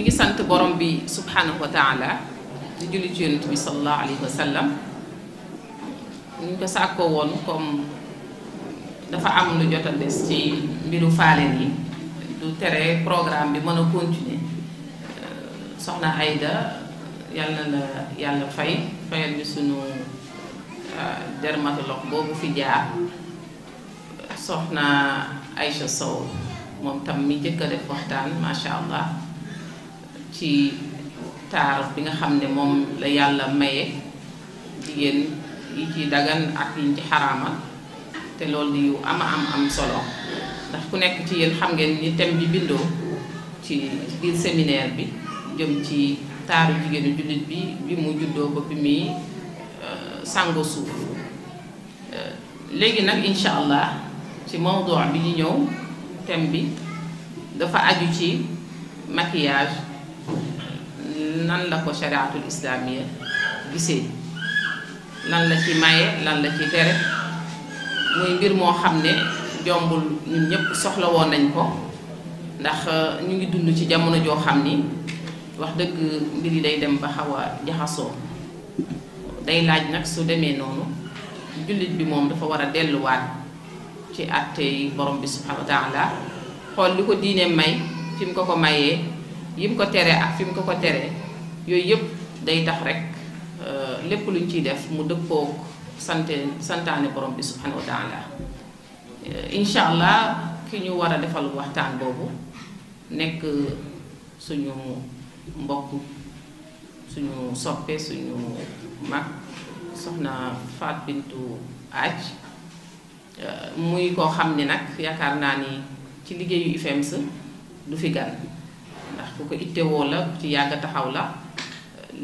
نيجي سانت بروم بي سبحانه وتعالى دي جولي جونت صلى الله عليه وسلم نيكو ساكو وون كوم دا فا ام لو جوتال ديس تي ميرو دو تري بروغرام بي مانا كونتيني سخنا هايدا يالنا لا يالنا فاي فايل بي سونو درماتولوج في جار سخنا عائشه سو مومتام مي جيكا ديف ما شاء الله ci taar bi nga xam ne moom la yàlla maye jigéen yi ci dagan ak yiñ ci xaraamal te loolu yu ama am am solo ndax ku nekk ci yéen xam ngeen ni thème bi bindoo ci biir séminaire bi jëm ci taaru jigéenu jullit bi bi mu juddoo ba bi muy euh, sàngo suuf euh, léegi nag incha allah ci mawduu bi ñu ñëw thème bi dafa aju ci maquillage nan la ko shariatul islaamiya gisee lan la ci maye lan la ci tere muy mbir moo xam ne jombul ñun ñëpp soxla woon nañ ko ndax euh, ñu ngi dund ci jamono joo xam ni wax dëgg mbir yi day dem ba xaw a jaxasoo day laaj nag su demee noonu jullit bi moom dafa war a delluwaat ci àtte yi borom bi subhanahu xool li ko diine may fi mu ko ko mayee yi mu ko teree ak fi mu ko ko teree yooyu yëpp day tax rek euh, lépp luñ ciy def mu dëppoo sante santaane borom bi subhanahu wa taala euh, incha allah ki ñu war a defal waxtaan boobu nekk suñu mbokk suñu soppe suñu mag soxna Faat Bintu Aaj euh, muy koo xam ni nag yaakaar naa ni ci liggéeyu IFEMS du fi gan ndax ku ko ittewoo la ci yàgg taxaw la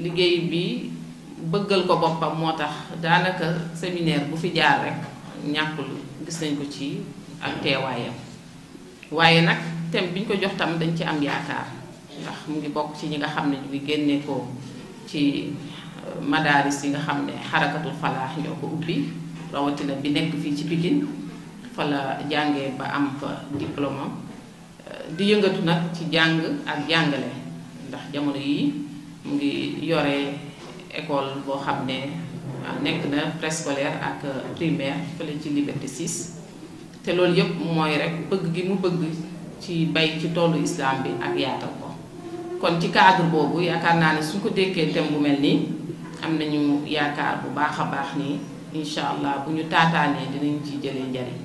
liggéey bi bëggal ko boppam moo tax daanaka séminaire bu fi jaar rek ñàkkul gis nañ ko ci ak teewaayam waaye nag thème bi ñu ko jox tam dañ ci am yaakaar ndax mu ngi bokk ci ñi nga xam ne ñu ngi génne ko ci euh, madaaris yi nga xam ne xarakatul falaax ñoo ko ubbi rawatina bi nekk fii ci Pikine fa la ba am fa diplôme di yëngatu nag ci jàng ak jàngale ndax jamono yi mu ngi yore école boo xam ne ah, nekk na préscolaire ak primaire fële ci Liberté 6 te lool yëpp mooy rek bëgg gi mu bëgg ci bay ci tollu islam bi ak yaatal ko kon ci cadre boobu yaakaar naa ni suñ ko dékkee thème bu mel nii am nañu yaakaar bu baax a baax nii incha allah bu ñu taataanee dinañ ci jëlee njariñ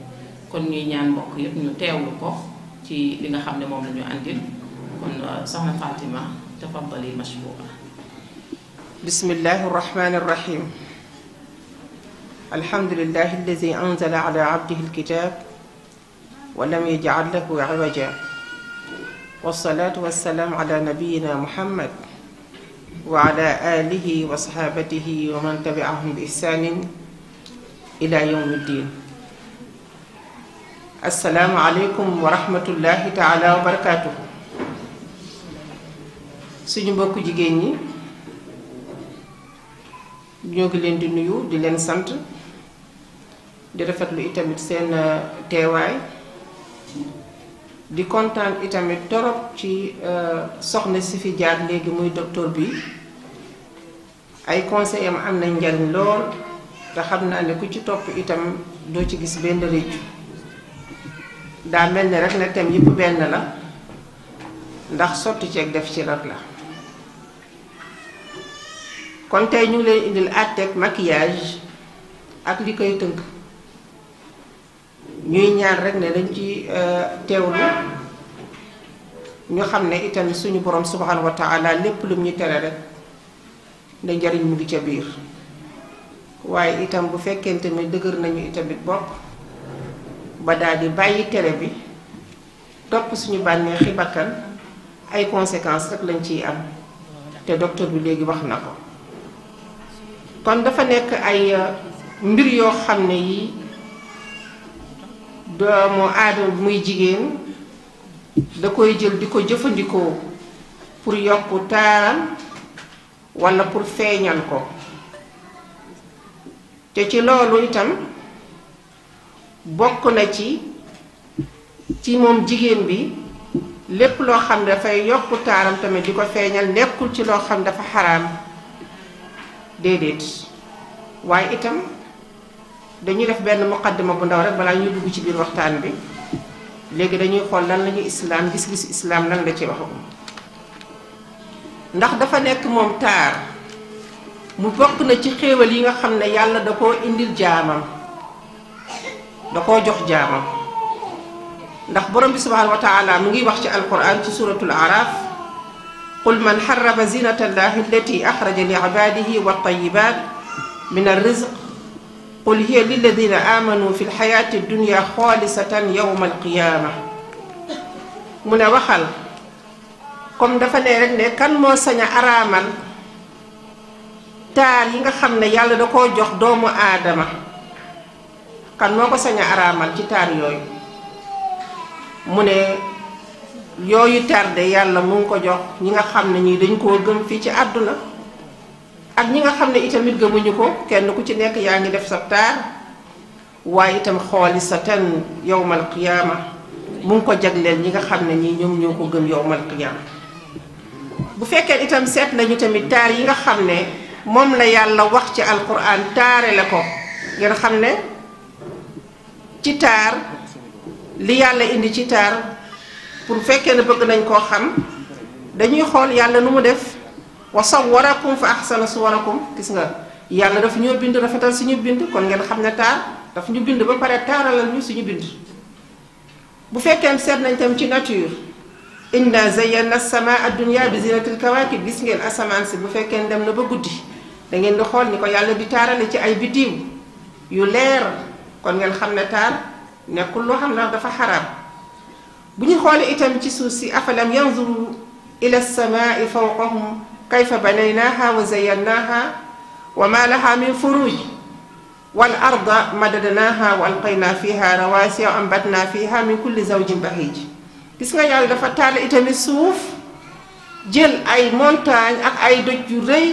kon ñuy ñaan mbokk yëpp ñu teewlu ko ci li nga xam ne moom la ñu àndil kon soxna Fatima tafaddali mashkura bismillahi arrahmani arrahim alhamdulillahi alladi anzala ala abdihi alkitab wa lam yaj'al lahu iwaja والصلاة والسلام على نبينا محمد وعلى آله وصحابته ومن تبعهم بإحسان إلى يوم الدين asalaamualeykum wa rahmatullahi taala wa barakaatuhu suñu mbokku jigéen ñi ñoo leen di nuyu di leen sant di rafetlu itamit seen uh, teewaay di kontaan itamit torop ci uh, soxna si fi jaar léegi muy docteur bi ay conseil am na njariñ lool te xam naa ne ku ci topp itam doo ci gis benn rëccu daa mel ni rek ne thème yëpp benn la ndax sotti ceeg def ci rek la kon tey ñu ngi leen indil àtteeg maquillage ak li koy tënk ñuy ñaar rek ne dañ ci euh, teewlu ñu xam ne itam suñu borom subhanahu wa taala lépp lu ñu tere rek da njariñ mu ngi ca biir waaye itam bu fekkente ne dëgër nañu itamit bopp ba daal di bàyyi tere bi topp suñu bànneexi bakkan ay conséquences rek lañ ciy am te docteur bi léegi wax na ko kon dafa nekk ay euh, mbir yoo xam ne yi doomu aadama muy jigéen da koy jël di ko jëfandikoo pour yokk taaram walla pour feeñal ko te ci loolu itam bokk na ci ci moom jigéen bi lépp loo xam ne dafay yokku taaram tamit di ko feeñal nekkul ci loo xam ne dafa xaraam déedéet waaye itam dañuy def benn muqaddima bu ndaw rek balaa ñuy dugg ci biir waxtaan bi léegi dañuy xool lan lañu islaam gis-gisu islaam lan la ci wax ndax dafa nekk moom taar mu bokk na ci xéewal yi nga xam ne yàlla da ko indil jaamam dako jox jaamam ndax borom bi subhanahu wa ta'ala mu ngi wax ci alquran ci قل من حرم زينة الله التي أخرج لعباده والطيبات من الرزق قل هي للذين آمنوا في الحياة الدنيا خالصة يوم القيامة من وخل كم دفن رجل كان موسنع أرامل تال ينغ يالدكو جوخ دوم آدمه kan moo ko sañ araamal ci taar yooyu mu ne yooyu taar de yàlla mu ngi ko jox ñi nga xam ne ñii dañ koo gëm fii ci àdduna ak ñi nga xam ne itamit gëmuñu ko kenn ku ci nekk yaa ngi def sa taar waaye itam xooli sa ten yowmal qiyaama mu ngi ko leen ñi nga xam ne ñii ñoom ñoo ko gëm yowmal qiyaama bu fekkee itam seet nañu tamit taar yi nga xam ne moom la yàlla wax ci alquran taare la ko ngeen xam ne ci taar li yàlla indi ci taar pour fekkee ne bëgg nañ koo xam dañuy xool yàlla nu mu def wa sawwarakum fa ahsana suwarakum gis nga yàlla dafa ñoo bind rafetal suñu bind kon ngeen xam ne taar daf ñu bind ba pare taaralal ñu suñu bind bu fekkee seet nañ tam ci nature inna zayyana samaa dunya bi zinatil kawakib gis ngeen asamaan si bu fekkee dem na ba guddi da ngeen di xool ni ko yàlla di taarale ci ay biddiw yu leer kon ngeen xam ne taal nekkul loo xam ne dafa xaraam bu ñu xoolee itam ci suuf si afalam yanzuru ila samaai fawqahum kayfa banaynaha wa zayannaha wa ma laha min furuj wal arda madadnaha wa alqayna fiha rawasiya wa ambatna fiha min kulli zawjin bahij gis nga yàlla dafa taal itamit suuf jël ay montagne ak ay doj yu rëy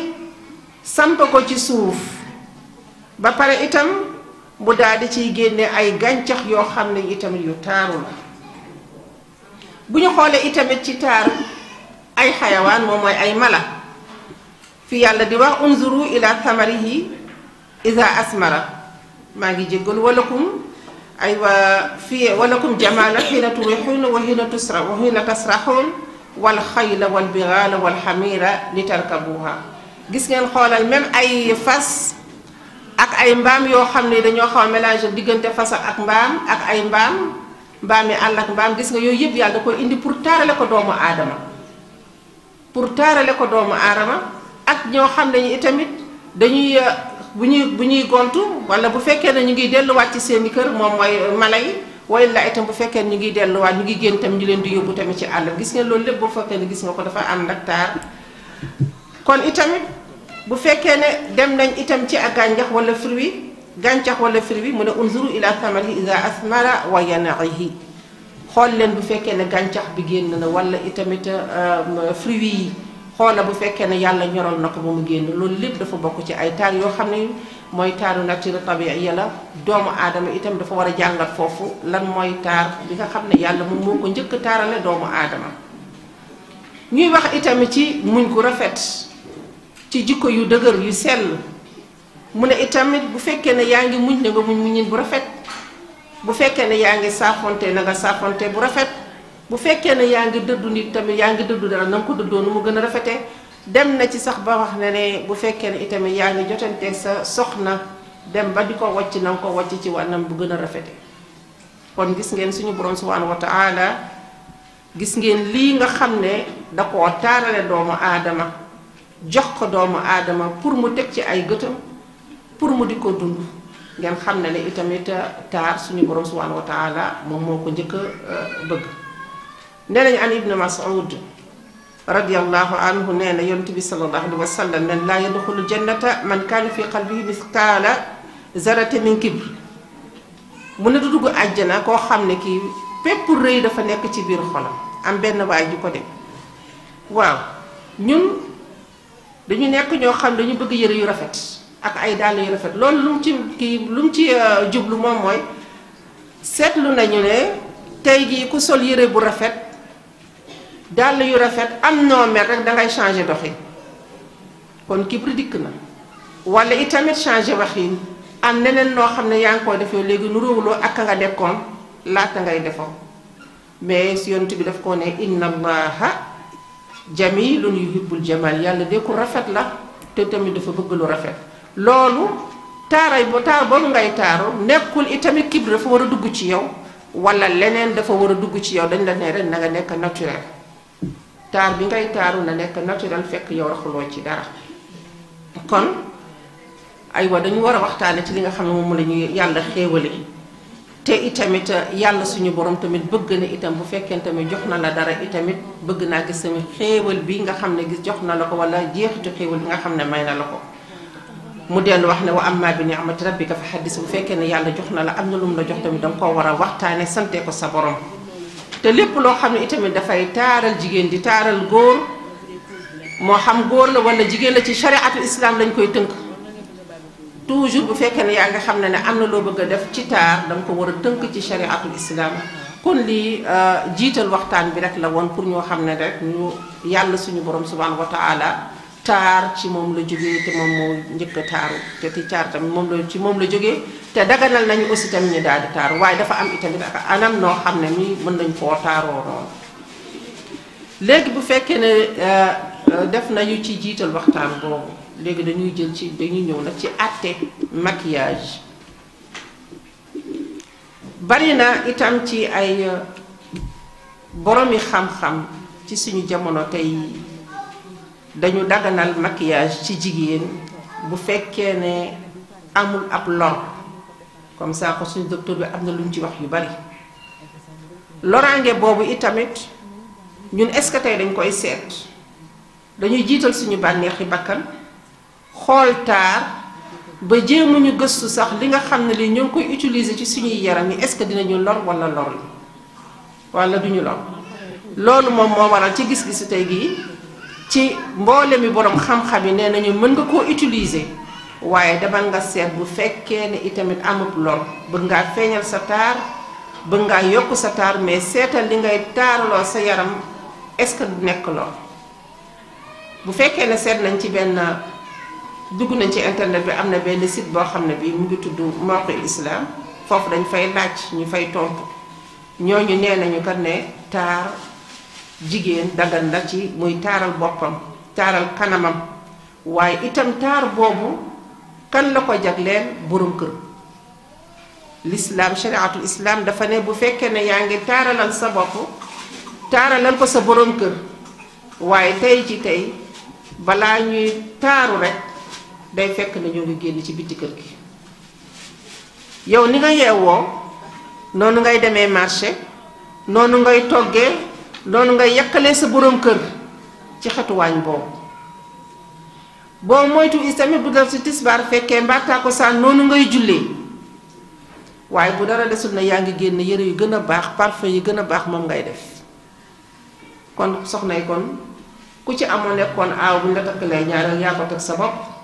samp ko ci suuf ba pare itam mu daal di ciy génne ay gàncax yoo xam ne itamit yu taaru la bu ñu xoolee itamit ci taaru ay xayawaan moom mooy ay mala fi yàlla di wax unzuru ila thamarihi iza asmara maa ngi jéggal walakum aywa fi walakum jamaala xiina turixuun wa xiina tusra wa xiina tasraxuun wal xayla wal biraala wal xamiira li tarkabuha gis ngeen xoolal même ay fas ak ay mbaam yoo xam ne dañoo xaw a mélangé diggante fas ak mbaam ak ay mbaam mbaam yi àll ak mbaam gis nga yooyu yëpp yàlla da koy indi pour taarale ko doomu aadama pour taarale ko doomu aadama ak ñoo xam ne ñi tamit dañuy euh, bu ñuy bu ñuy gontu wala bu fekkee ne ñu ngi delluwaat ci seen i kër moom mooy mala yi way la itam bu fekkee ñu ngi delluwaat ñu ngi génn tam ñu leen di yóbbu tamit ci àll gis nga loolu lépp boo fekkee ne gis nga ko dafa ànd ak bu fekke ne dem nañ itam ci ak gàncax wala fruit gañjax wala fruit mu ne unzuru ila samarihi ida asmara wa yanahi xol len bu fekke ne gañjax bi génn na wala itam fruit yi xol bu fekke ne yàlla ñorol nako bu mu génn lool lépp dafa bokku ci ay taar yo xamne moy taaru nature tabiiya la doomu aadama itam dafa wara jangal fofu lan moy taar bi nga xamne yàlla moom moko ñëk taarale doomu aadama ñuy wax itam ci muñ ko rafet ci jikko yu dëgër yu sell mu ne itamit bu fekkee ne yaa ngi muñ na nga muñ muñin bu rafet bu fekkee ne yaa ngi saafonte na nga saafonte bu rafet bu fekkee ne yaa ngi dëddu nit tamit yaa ngi dëddu dara na nga ko dëddoo nu mu gën a rafete dem na ci sax ba wax ne ne bu fekkee ne itamit yaa ngi jotante sa soxna dem ba di ko wàcc na nga ko wàcc ci wànnam bu gën a rafete kon gis ngeen suñu borom subhanahu wa taala gis ngeen lii nga xam ne da koo taarale doomu aadama jox ko doomu aadama pour mu teg ci ay gëtam pour mu di ko dund ngeen xam ne ne itamit euh, taar suñu borom subhanahu wa taala moom moo ko njëkk a euh, bëgg nee nañu an ibnu mas'ud radiallahu anhu nee na yonent bi sallallahu alayhi wa sallam nen laa yadxulu jannata man kaana fi qalbihi misqaala zarate min kibr mu ne du dugg àjjana koo xam ne kii pépp rëy dafa nekk ci biir xolam am benn waay ju ko dem waaw ñun dañu nekk ñoo xam dañu bëgg yëre yu rafet ak ay dàll yu rafet loolu lu mu ci kii lu mu ci euh, jublu moom mooy seetlu nañu ne tey jii ku sol yére bu rafet dàll yu rafet am noo mel rek dangay changer doxi kon kibru dikk na wala itamit changer waxin am neneen noo xam ne yaa ngi koy defee léegi nu róowuloo ak nga nekkoon laata ngay defoo mais si yonent bi daf koo ne inna allaha jami lu ñuy yubbul jamal yàlla de rafet la te tamit dafa bëgg lu rafet loolu taaray boo taar boobu ngay taar nekkul itamit kibri dafa war a dugg ci yow wala leneen dafa war a dugg ci yow dañ la nee ren na nga nekk naturel taar bi ngay taaru na nekk naturel fekk yow raxuloo ci dara kon ay aywa dañu war a waxtaane ci li nga xam ne moom la ñuy yàlla xéewale te itamit yàlla suñu borom tamit bëgg na itam bu fekkee tamit jox na la dara itamit bëgg naa gis tamit xéewal bi nga xam ne gis jox na la ko wala jeexitu xéewal bi nga xam ne may na la ko mu dellu wax ne wa amma bi ni'mati rabbika fa xaddis bu fekkee ne yàlla jox na la am na lu mu la jox tamit danga koo war a waxtaane sante ko sa borom te lépp loo xam ne itamit dafay taaral jigéen di taaral góor moo xam góor la wala jigéen la ci chariatul islam lañ koy tënk toujours bu fekkee ne yaa nga xamne ne amna lo bëgg def ci tar dang ko wara teunk ci chariatul islam kon li jital waxtan bi rek la won pour ñoo xamne rek ñu yàlla suñu borom subhanahu wa taala tar ci mom la joge te mom mo ñëk tar te ci tar tam mom la ci mom la joge te daganal nañu aussi tam ñu daal tar way dafa am itam ak anam no xamne mi mën nañ ko taro noonu léegi bu fekkee ne def nañu ci jital waxtan bobu léegi dañuy jël ci dañuy ñëw nag ci àtte maquillage bari na itam ci ay euh, boromi xam-xam ci suñu jamono tey dañu daganal maquillage ci jigéen bu fekkee ne amul ab lor comme ça ko suñu docteur bi am na luñ ci wax yu bari loraange boobu itamit ñun est-ce que dañ koy seet dañuy jiital suñu bànneexi bakkan xool taar ba jéemuñu gëstu sax li nga xam ne li ñu ngi koy utiliser ci suñuy yaram yi est-ce que dinañu lor wala lor la wala duñu lor loolu moom moo waral ci gis-gisu tey gii ci mboole mi borom xam-xam yi nee nañu mën nga koo utiliser waaye demal nga seet bu fekkee ne itamit amut lor bëgg ngaa feeñal sa taar bëgg ngaa yokk sa taar mais seetal li ngay taaraloo sa yaram est-ce que du nekk lor bu fekkee ne seet nañ ci benn. dugg nañ ci internet bi am na benn sit boo xam ne bii mu ngi tudd Mawqi Islam foofu dañ fay laaj ñu fay tontu ñooñu nee nañu kat ne taar jigéen dagan ci muy taaral boppam taaral kanamam waaye itam taar boobu kan la ko jagleel borom kër lislaam shariatul islaam dafa ne bu fekkee ne yaa ngi taaralal sa bopp taaralal ko sa borom kër waaye tey ci tey balaa ñuy taaru rek day fekk ne ngi génn ci bitti kër gi yow ni nga yeewoo noonu ngay demee marché noonu ngay toggee noonu ngay yàqalee sa boroom kër ci xetu waañ boobu boo moytu itamit bu dal si tisbaar fekkee mbaataa ko saan noonu ngay jullee waaye bu dara desul na yaa ngi génn yére yu gën a baax parfum yi gën a baax moom ngay def kon soxna yi kon ku ci amoon nekkoon aaw bu ñu la takkalee ñaareel yaa ko teg sa bopp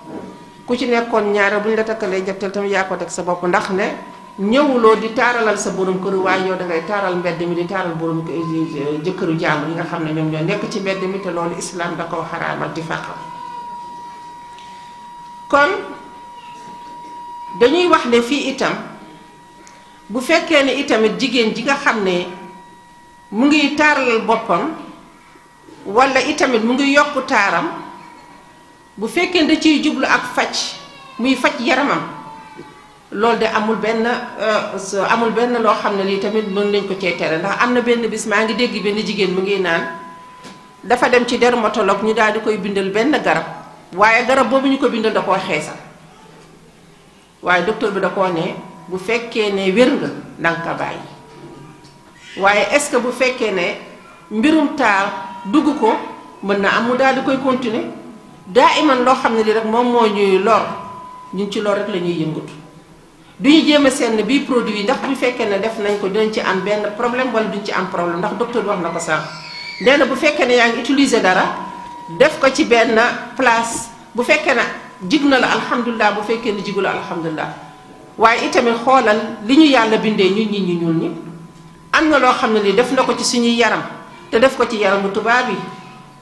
ku ci nekkoon ñaara bu ñu la takkalee njabtal tamit yaa ko deg sa bopp ndax ne ñëwuloo di taaralal sa borom kër waaye yow dangay taaral mbedd mi di taaral borom jëkkëru jàmbur yi nga xam ne ñoom ñoo nekk ci mbedd mi te loolu islam da koo xaraamal di fàqal kon dañuy wax ne fii itam bu fekkee ne itamit jigéen ji nga xam ne mu ngi taaralal boppam wala itamit mu ngi yokk taaram bu fekkee da ciy jublu ak faj muy faj yaramam loolu de amul benn euh, amul benn loo xam ne lii tamit mën nañ ko cee tere ndax am na benn bis maa ngi dégg benn jigéen mu ngiy naan dafa dem ci dermatologue ñu daal di koy bindal benn garab waaye garab boobu ñu ko bindal da koo xeesal waaye docteur bi da koo ne bu fekkee ne wér nga danga bàyyi waaye est bu fekkee ne mbirum taar dugg ko mën na am mu daal di koy continuer daa iman loo xam ne li rek moom moo ñuy lor ñun ci lor rek la ñuy yëngatu du ñu jéem a seen bii produit ndax bu fekkee ne def nañ ko dinañ ci am benn problème wala duñ ci am problème ndax docteur wax na ko sànq nee na bu fekkee ne yaa ngi utiliser dara def ko ci benn place bu fekkee ne jig na la alhamdulilah bu fekkee ne jigul alhamdulilah waaye itamit xoolal li ñu yàlla bindee ñun ñi ñu ñuul ñi am na loo xam ne li def na ko ci suñuy yaram te def ko ci yaramu tubaab yi.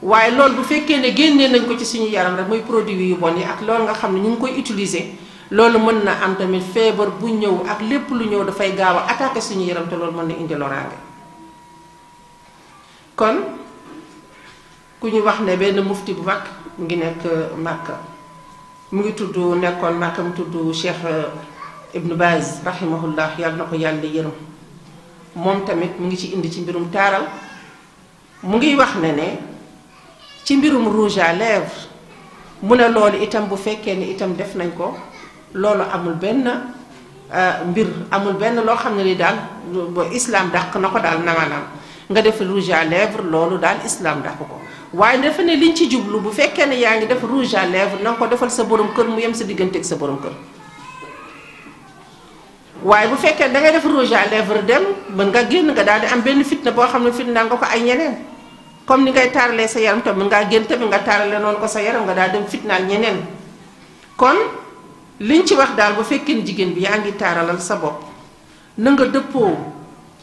waaye loolu bu fekkee ne génnee nañ ko ci suñu yaram rek muy produit yi bon yi ak loolu nga xam ne ñu ngi koy utiliser loolu mën na am tamit feebar bu ñëw ak lépp lu ñëw dafay gaaw a attaqué suñu yaram te loolu mën na indi loraange kon ku ñu wax ne benn mufti bu mag mu ngi nekk Màkka mu ngi tudd nekkoon Màkka mu tudd Cheikh eh, Ibn Baz rahimahullah yàlla na ko yàlla yërëm moom tamit mu ngi ci indi ci mbirum taaral mu ngi wax ne ne. ci mbirum rouge à lèvres mu ne loolu itam bu fekkee ni itam def nañ ko loolu amul benn euh, mbir amul benn loo xam ne li daal islaam dàq na ko daal nanganaam nga def rouge à lèvres loolu daal islam dàq ko waaye dafa ne liñ ci jublu bu fekkee ne yaa ngi def rouge à lèvres na ko defal sa borom kër mu yem sa diggante ak sa borom kër waaye bu fekkee da ngay def rouge à lèvres dem mën nga génn nga daal di am benn fitna boo xam ne fitna nga ko ay ñeneen comme ni ngay taaralee sa yaram tamit ngaa génn tamit nga taarale noonu ko sa yaram nga daal dem fitnaal ñeneen kon liñ ci wax daal bu fekkee jigéen bi yaa ngi taaralal sa bopp na nga dëppoo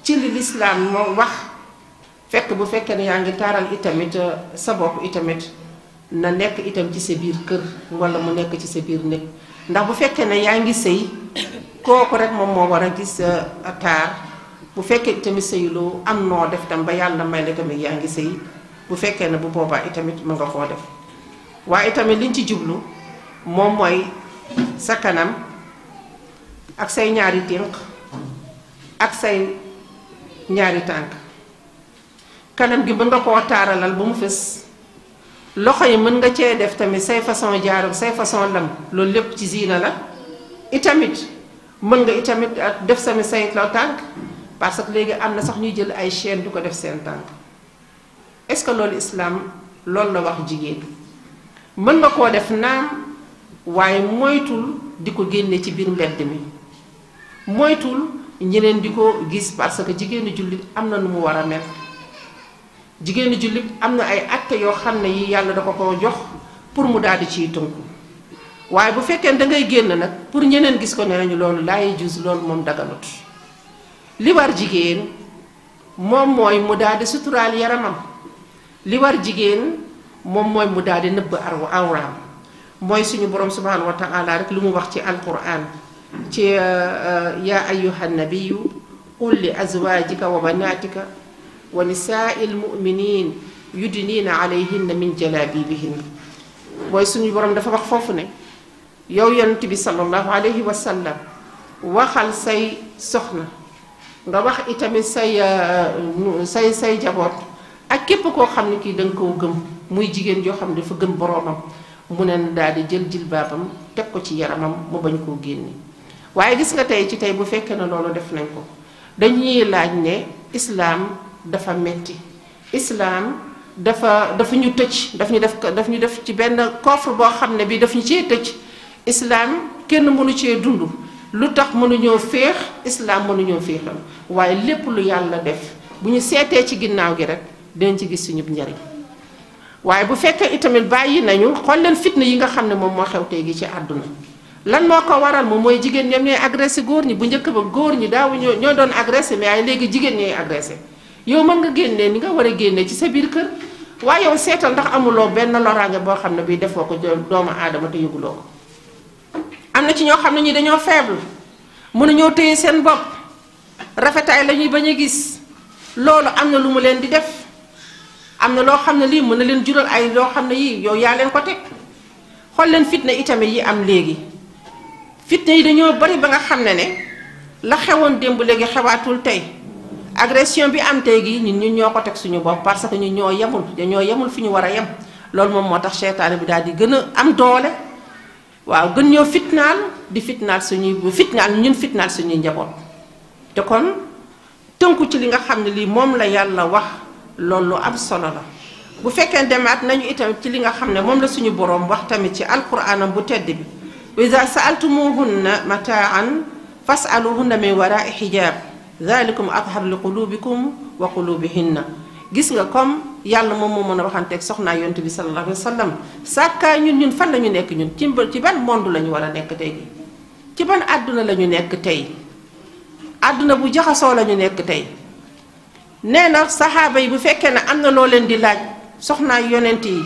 ci li lislaam moo wax fekk bu fekkee ne yaa ngi taaral itamit euh, sa bopp itamit na nekk itam ci sa biir kër wala mu nekk ci sa biir néeg ndax bu fekkee ne yaa ngi sëy kooku rek moom moo war a gis euh, taar bu fekkee tamit sëyuloo am noo def tam ba yàlla may la tamit yaa ngi sëy bu fekkee ne bu boobaa itamit mu nga koo def waaye itamit liñ ci jublu moom mooy sa kanam ak say ñaari dénk ak say ñaari tànk kanam gi mën nga koo taaralal ba mu fës loxo yi mën nga cee def tamit say façon jaaram say façon lam loolu lépp ci siina la itamit mën nga itamit def sami say tànk parce que léegi am na sax ñuy jël ay chaîne du ko def seen tànk est-ce que loolu islaam loolu la wax jigéen mën nga koo def naan waaye moytul di ko génne ci biir mbedd mi moytul ñeneen di ko gis parce que jigéenu jullit am na nu mu war a mel jigéenu jullit am na ay acte yoo xam ne yi yàlla da ko ko jox pour mu daal di ciy tënku waaye bu fekkee da ngay génn nag pour ñeneen gis ko ne nañu loolu laay jus loolu moom daganut li war jigéen moom mooy mu dadi sutural yaramam li war jigéen moom mooy mu dadi neub arwa awraam moy suñu borom subhanahu wa taala rek limu wax ci alquran ci ya ayuha nabiy qul li azwajika wa banatika wa nisaai lmuminin yudnina alayhinna min jalabibihin mooy suñu borom dafa wax foofu ne yow yonent bi salallahu alayhi wa sallam waxal say soxna nga wax itamit say euh, say say jaboot ak képp koo xam ne kii da koo gëm muy jigéen joo xam ne dafa gëm boroomam mu ne daal di jël jilbaabam teg ko ci yaramam mu bañ koo génne waaye gis nga tey ci tey bu fekkee ne loolu def nañ ko dañuy laaj ne islaam dafa metti islaam dafa dafa ñu tëj daf ñu def daf ñu def ci benn coffre boo xam ne bi daf ñu cee tëj islaam kenn mënu cee dund lu tax mënuñoo féex islaam mënuñoo féexal waaye lépp lu yàlla def bu ñu seetee ci ginnaaw gi rek dinañ ci gis suñu njariñ waaye bu fekkee itamit bàyyi nañu xool leen fitna yi nga xam ne moom moo xew tey gi ci àdduna lan moo ko waral moom mooy jigéen ñoom ñooy agressé góor ñi bu njëkk ba góor ñi daaw ñoo ñoo doon agressé mais léegi jigéen ñooy agressé yow mën nga génnee ni nga war a génnee ci sa biir kër waaye yow seetal ndax amuloo benn loraange boo xam ne bii defoo ko doomu aadama te yëguloo ko am na ci ñoo xam ne ñi dañoo faible mënuñoo téye seen bopp rafetaay la ñuy bañ a gis loolu am na lu mu leen di def am na loo xam ne lii mën na leen jural ay loo xam ne yii yow yaa leen ko teg xool leen fitna itamit yi am léegi fitna yi dañoo bari ba nga xam ne ne la xewoon démb léegi xewaatul tey agression bi am tey gi ñu ñun ñoo ko teg suñu bopp parce que ñun ñoo yemul ñoo yemul fi ñu war a yem loolu moom moo tax seytaane bi daal di gën a am doole waaw gën ñoo fitnaal di fitnaal suñuy fitnaal ñun fitnaal suñuy njaboot te kon tënku ci li nga xam ne lii moom la yàlla wax loolu lu am solo la bu fekkee demaat nañu itam ci li nga xam ne moom la suñu borom wax tamit ci alquran bu tedd bi wa ida saaltumuhunna mataan fasaluhunna min warai xijab dalikum athar liqulubikum wa qulubihinna gis nga comme yàlla moom moo mën a waxanteeg soxnaa yonent bi sallallahu alayhi wa sallam ñun ñun fan la ñu nekk ñun ci ci ban monde la ñu war a nekk tey ci ban àdduna la nekk tey àdduna bu jaxasoo la ñu nekk tey nee na saxaaba yi bu fekkee ne am na loo leen di laaj soxnaa yonent yi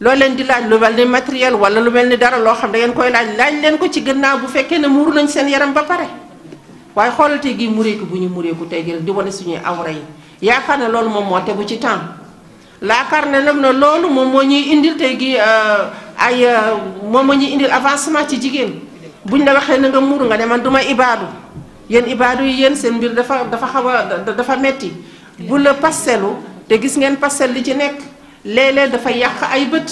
loo leen di laaj lu mel ni matériel wala lu mel ni dara loo xam da ngeen koy laaj laaj leen ko ci gannaaw bu fekkee ne muuru nañ seen yaram ba pare waaye xoolal tey gi mureeku bu ñu mureeku tey gi di wane suñuy awra yi yaakaar ne loolu moom moo tegu ci temps laakaar ne nag na loolu moom moo ñuy indi tey gi euh, ay euh, moom moo ñuy indil avancement ci jigéen bu buñ la waxee na nga muuru nga ne man du ma ibaadu yéen ibaadu yi yéen seen mbir dafa dafa xaw a dafa metti bu la te gis ngeen pastel li ci nekk léeg-léeg dafa yàq ay bët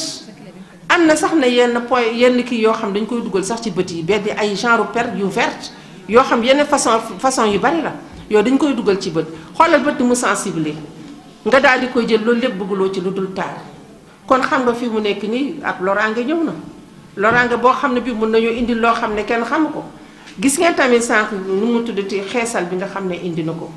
am na sax na yenn point yenn kii yoo xam dañ koy dugal sax ci bët yi benn ay genre per yu verte yoo xam yenn façon façon yu bari la yow dañ koy dugal ci bët xoolal bët mu sensible nga daal di koy jël loolu lépp bëgguloo ci lu dul taar kon xam nga fi mu nekk nii ak loraange ñëw na loraange boo xam ne bii mun nañoo indi loo xam ne kenn xamu ko gis ngeen tamit sànq nu mu tuddati xeesal bi nga xam ne indi na ko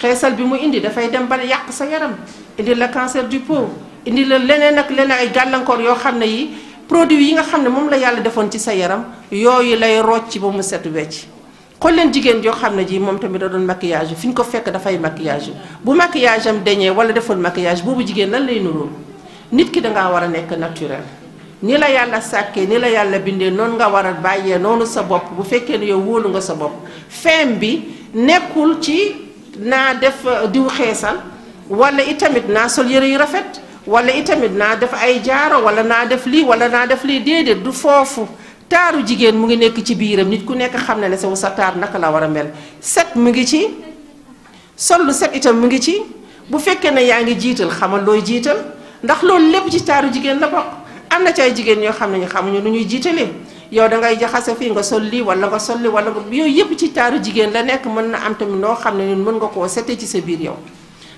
xeesal bi mu indi dafay dem ba yàq sa yaram indi la cancer du peau indi la leneen ak leneen ay gàllankoor yoo xam ne yi produit yi nga xam ne moom la yàlla defoon ci sa yaram yooyu lay rocc ba mu set wecc xool leen jigéen joo xam ne ji moom tamit da doon maquillage fi ñu ko fekk dafay maquillage bu maquillage am dañee wala deful maquillage boobu jigéen lan lay nuróol nit ki dangaa war a nekk naturel ni la yàlla sàkkee ni la yàlla bindee noonu nga war a bàyyee noonu sa bopp bu fekkee ne yow wóolu nga sa bopp feem bi nekkul ci naa def diw xeesal wala itamit naa sol yëre yu rafet wala itamit naa def ay jaaro wala naa def lii wala naa def lii déedéet du foofu taaru jigéen mu ngi nekk ci biiram nit ku nekk xam ne ne saw sa taar naka la war a mel set mu ngi ci sol lu set itam mu ngi ci bu fekkee ne yaa ngi jiital xamal looy jiital ndax loolu lépp ci taaru jigéen la bokk am na ci jigéen ñoo xam ne ñu xamuñu nu ñuy jiitalee yow dangay ngay jaxase fii nga sol lii wala nga sol lii wala yooyu yëpp ci taaru jigéen la nekk mën na am tamit noo xam ne ñun mën nga koo sete ci sa biir yow.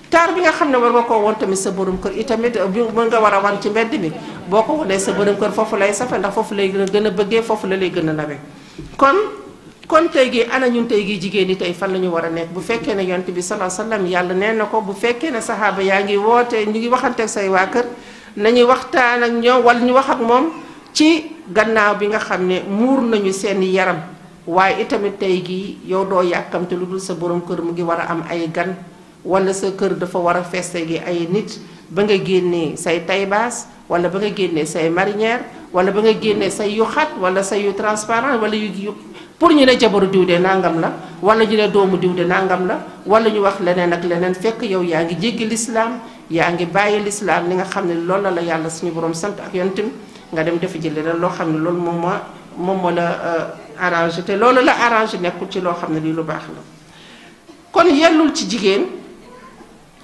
taar bi nga xam ne war nga koo woon tamit sa boroom kër itamit euh, bi mën nga war a wan ci mbedd mi boo ko wanee sa borom kër foofu lay safe ndax foofu lay gën a bëggee foofu la lay gën a nawe kon kon tey gi ana ñun tey gi jigéen di tey fan la ñu war a nekk bu fekkee ne yonent bi sallallahu alayhi wasallam yàlla nee na ko bu fekkee ne saxaaba yaa ngi woote ñu ngi waxanteeg say waa kër nañuy waxtaan ak ñoom wala ñu wax ak moom ci gannaaw bi nga xam ne muur nañu seen yaram waaye itamit tey gi yow doo yàkkamte lu dul sa borom kër mu ngi war a am ay gan wala sa kër dafa war a feste gi ay nit ba nga génnee say taybaas wala ba nga génnee say marinière wala ba nga génnee say yu xat wala say yu transparent wala yu pour ñu ne jabaru diw de nangam la wala ñu ne doomu diw de nangam la wala ñu wax leneen ak leneen fekk yow yaa ngi jéggi lislaam yaa ngi bàyyi lislaam li nga xam ne loolu la la yàlla suñu borom sant ak yontam nga dem def jële la loo xam ne loolu moom moo moom moo la euh, arrangé te loolu la arrangé nekkul ci loo xam ne lii lu baax la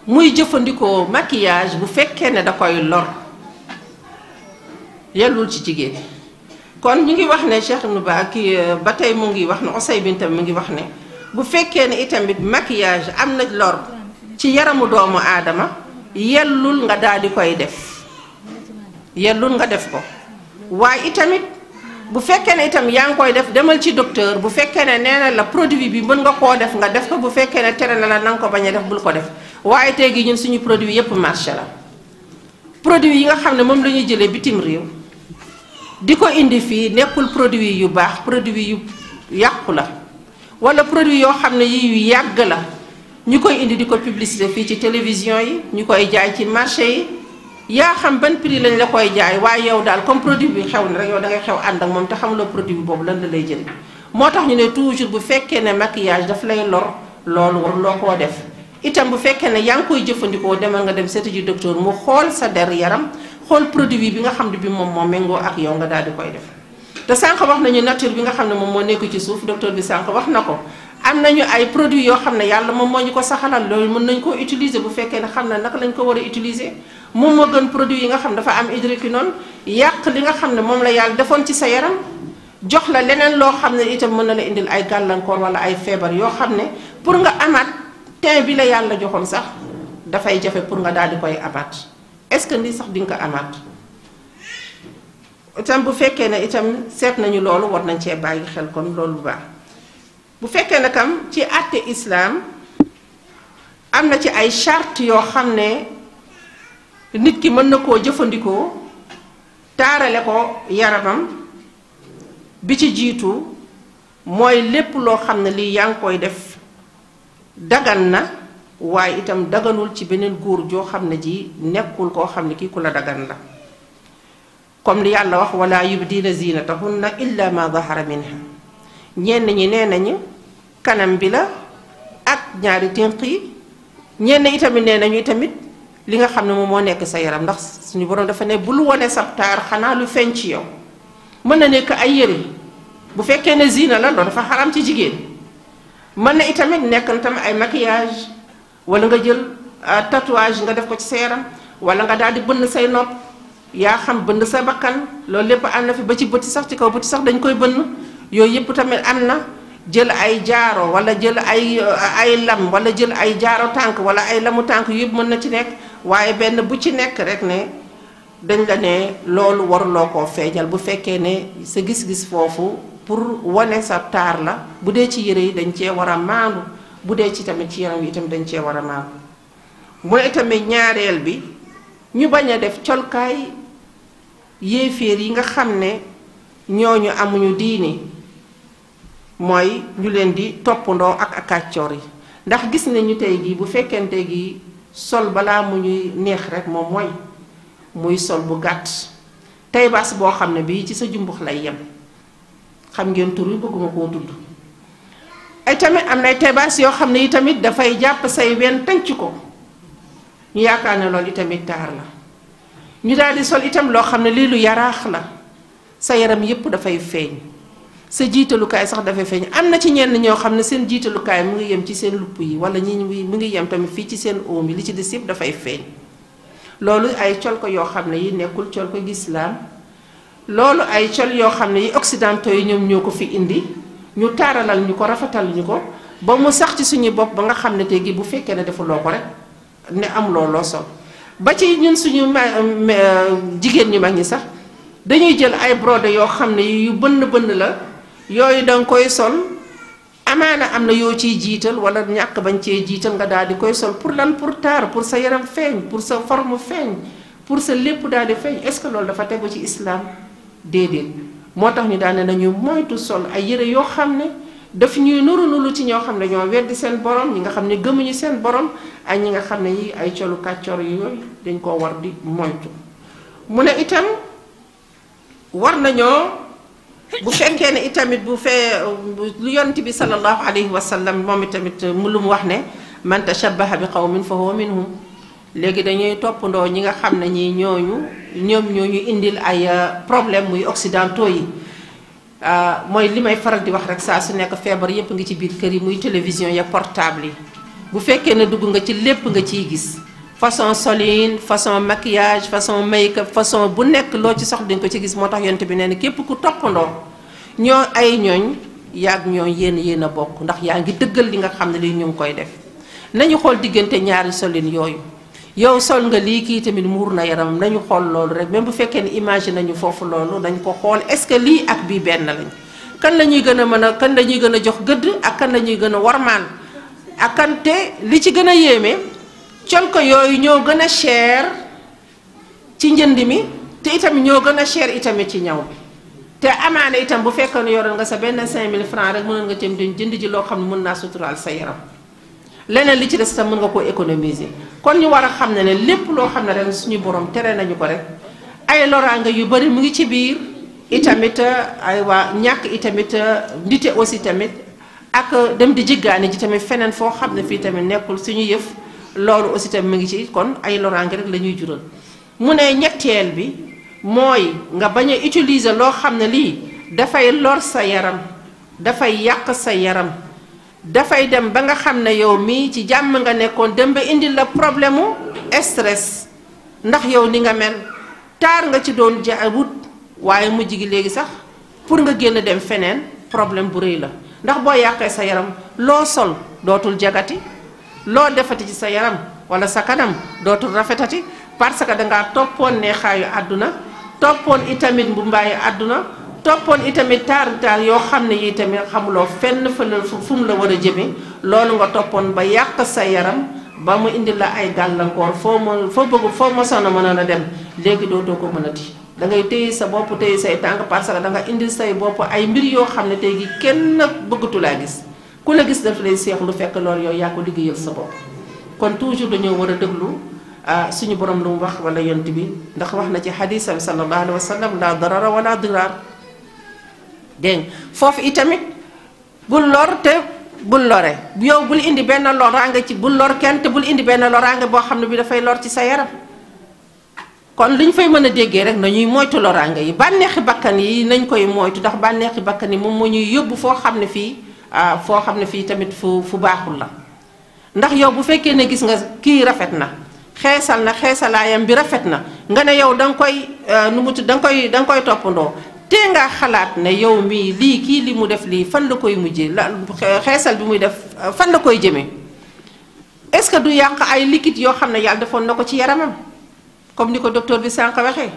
muy jëfandikoo maquillage bu fekkee ne da koy lor yellul ci jigéen kon ñu ngi wax ne Cheikh Ibn Ba kii euh, ba tey mu ngi wax ne Ousseyn tam mu ngi wax ne bu fekkee ne itamit maquillage am na lor ci yaramu doomu aadama yellul nga daal di koy def yellul nga def ko waaye itamit bu fekkee ne itam yaa ngi koy def demal ci docteur bu fekkee ne nee na la produit bi mën nga koo def nga def ko bu fekkee ne tere na la na ko bañ a def bul ko def. waaye tey gi ñun suñu produit yépp marché la produit yi nga xam ne moom lañuy ñuy jëlee bitim réew di ko indi fii nekkul produit yu baax produit yu yàqu la wala produit yoo xam ne yi yu yàgg la ñu koy indi di ko publicité fii ci télévision yi ñu koy jaay ci marché yi yaa xam ban prix lañ la koy jaay waaye yow daal comme produit bi xew na rek yow dangay xew ànd ak moom te xamuloo produit bi boobu lan la lay moo tax ñu ne toujours bu fekkee ne maquillage daf lay lor loolu waruloo koo def itam bu fekkee ne yaa ngi koy jëfandikoo demal nga dem seeti ji docteur mu xool sa der yaram xool produit bi nga xam ne bi moom moo méngoo ak yow nga daal di koy def te sànq wax nañu nature bi nga xam ne moom moo nekk ci suuf docteur bi sànq wax na ko am nañu ay produits yoo xam ne yàlla moom moo ñu ko saxalal loolu mën nañ koo utiliser bu fekkee ne xam ne naka lañ ko war a moom moo gën produit yi nga xam dafa am hydroquinone yàq li nga xam ne moom la yàlla defoon ci sa yaram jox la leneen loo xam ne itam mën na la indil ay gàllankoor wala ay feebar yoo xam ne pour nga amaat tin bi la yàlla joxoon sax dafay jafe pour nga daal di koy amaat est-ce que ndi sax di nga ko amaat itam bu fekkee ne itam seet nañu loolu war nañ cee bàyyi xel kon loolu bu baax bu fekkee ne kam ci àtte islaam am na ci ay charte yoo xam ne nit ki mën na koo jëfandikoo taarale ko yaramam bi ci jiitu mooy lépp loo xam ne lii yaa ngi koy def dagan na waaye itam daganul ci beneen góor joo xam ne ji nekkul koo xam ne kii ku la dagan la comme li yàlla wax wala yubdina zinatahunna illa ma zahara minha ñenn ñi nee nañu kanam bi la ak ñaari tënk yi ñenn itamit nee nañu itamit li nga xam ne moom moo nekk sa yaram ndax suñu borom dafa ne bul wane sab taar xanaa lu feeñ ci yow mën na nekk ay yëre bu fekkee ne zina la loolu dafa xaram ci jigéen mën na itamit nekk na tamit ay maquillage wala nga jël euh, tatouage nga def ko ci seeram yaram wala nga daal di bënn say nopp yaa xam bënn sa bakkan loolu lépp am na fi ba ci bëti sax ci kaw bëti sax dañ koy bënn yooyu yëpp tamit am na jël ay jaaro walla jël ay euh, ay lam wala jël ay jaaro tànk wala ay lamu tànk yëpp mën na ci nekk waaye benn bu ci nekk rek ne dañ la ne loolu waruloo ko feeñal bu fekkee ne sa gis-gis foofu pour wane sa taar la bu dee ci yére yi dañ cee war a maandu bu dee ci tamit ci yaram yi tamit dañ cee war a maandu mooy tamit ñaareel bi ñu bañ a def colkaay yéeféer yi nga xam ne ñoo ñu amuñu diini mooy ñu leen di toppandoo ak ak kàccoor yi ndax gis nañu tey gi bu fekkente gi sol balaa mu ñuy neex rek moom mooy muy sol bu gàtt tey boo xam ne bii ci sa jumbux lay yem xam ngeen tur yi bëgguma koo tudd ay am na ay tebaas yoo xam ne yi tamit dafay jàpp say wenn tënc ko ñu yaakaar ne loolu itamit taar la ñu daal di sol itam loo xam ne lii lu yaraax la sa yaram yépp dafay feeñ sa jiitalukaay sax dafay feeñ am na ci ñenn ñoo xam ne seen jiitalukaay mu ngi yem ci seen lupp yi wala ñi mu ngi yem tamit fii ci seen oom yi li ci des yépp dafay feeñ loolu ay col ko yoo xam ne yi nekkul col ko gislaam loolu ay col yoo xam ne yi occidentaux yi ñoom ñoo ko fi indi ñu taaralal ñu ko rafetal ñu ko ba mu sax ci suñu bopp ba nga xam ne te gi bu fekkee ne defuloo ko rek ne am loo sol ba ci ñun suñu ma jigéen ñu mag ñi sax dañuy jël ay brodé yoo xam ne yu bënn bënn la yooyu danga koy sol amaana am na yoo ciy jiital wala ñàkk bañ cee jiital nga daal di koy sol pour lan pour taar pour sa yaram feeñ pour sa forme feeñ pour sa lépp daal di feeñ est-ce que loolu dafa tegu ci islam déedéet moo tax ñu daane nañu moytu sol ay yére yoo xam ne daf ñuy nuru nulu ci ñoo xam ne ñoo weddi seen borom ñi nga xam ne gëmuñu seen borom ak ñi nga xam ne yi ay colu kàccor yu yooyu dañ koo war di moytu mu ne itam war nañoo bu fekkee ne itamit bu fee lu yonent bi sallallahu alayhi wa sallam moom itamit mu lu mu wax ne man tashabbaha bi qawmin fa huwa minhum léegi dañuy toppandoo ñi nga xam ne ñii ñooñu ñoom ñooñu indil ay euh, problème muy occidentaux yi euh, mooy li may faral di wax rek saa su nekk feebar yépp nga ci biir kër yi muy télévision ya portable yi bu fekkee ne dugg nga ci lépp nga ciy gis façon soline façon maquillage façon make up façon bu nekk loo ci soxla dinga ko ci gis moo tax yonte bi nee na képp ku toppandoo ñoo ay ñooñ yaag ñooñ yéen yéen a bokk ndax yaa ngi dëggal li nga xam ne li ñu koy def nañu xool diggante ñaari soline yooyu yow sol nga lii kii tamit muur na yaram nañu xool loolu rek même bu fekkee ni image nañu foofu loolu nañ ko xool est-ce que lii ak bii benn lañ kan la ñuy gën a mën a kan la ñuy gën a jox gëdd ak kan la gën a warmaal ak kan te li ci gën a yéeme col yooyu ñoo gën a cher ci njënd mi te itamit ñoo gën a cher itamit ci ñaw bi te amaana itam bu fekkoon yoroon nga sa benn 5000 francs rek mënoon nga tamit jënd ji loo xam ne mën naa suturaal sa yaram leneen li ci des itam mën nga koo économiser. kon ñu war a xam ne ne lépp loo xam ne rek suñu borom tere nañu ko rek ay loraanga yu bëri mu ngi ci biir itamit euh, ay waa ñàkk itamit euh, ndite aussi tamit ak dem di jiggaani ji tamit feneen foo xam ne fii tamit nekkul suñu yëf loolu aussi tamit mu ngi ci kon ay loraange rek la ñuy jural mu ne ñetteel bi mooy nga bañ a utiliser loo xam ne lii dafay lor sa yaram dafay yàq sa yaram fay dem ba nga xamne yow mi ci jàmm nga nekkon dem ba indi la problème mu stress ndax yow ni nga mel tar nga ci doon jaabut waye mu gi legi sax pour nga genn dem fenen, problème bu reuy la ndax bo yaqé sa yaram lo sol dotul jagati lo defati ci sa yaram wala sa kanam dotul rafetati parce que nga topone xayu topon topone itamit mbaye aduna toppoon itamit taar taar yoo xam ne tamit xamuloo fenn fa la fu mu la war a jëme loolu nga toppoon ba yàq sa yaram ba mu indi la ay gàllankoor foo mën foo bëgg foo mosoon a mënoon a dem léegi dootoo ko mënati da ngay téye sa bopp téye say tànk parce que da nga indi say bopp ay mbir yoo xam ne tey gi kenn bëggatu laa gis ku la gis daf lay seex lu fekk lool yow yaa ko liggéeyal sa bopp kon toujours dañoo war a déglu ah, suñu borom lu mu wax wala yont bi ndax wax na ci xadisam sallallahu alayhi wa sallam laa dégg foofu itamit bul lor te bul lore yow bul indi benn loraange ci bul lor kenn te bul indi benn loraange boo xam ne bi dafay lor ci sa yaram kon li ñu fay mën a déggee rek nañuy moytu loraange yi bànneexi bakkan yi nañ koy moytu ndax bànneexi bakkan yi moom moo ñuy yóbbu foo xam ne fii ah, foo xam ne fii tamit fu fu baaxul la ndax yow bu fekkee ne gis nga kii rafet na xeesal na xeesalaayam bi rafet na nga ne yow danga koy eh, nu mu tudd da koy da koy toppandoo te xalaat ne yow mii lii kii li mu def lii fan la koy mujjee la xeesal bi muy def fan la koy jëmee est-ce que du yàq ay liquide yoo xam ne yàlla defoon na ko ci yaramam comme ni ko docteur bi sànq waxee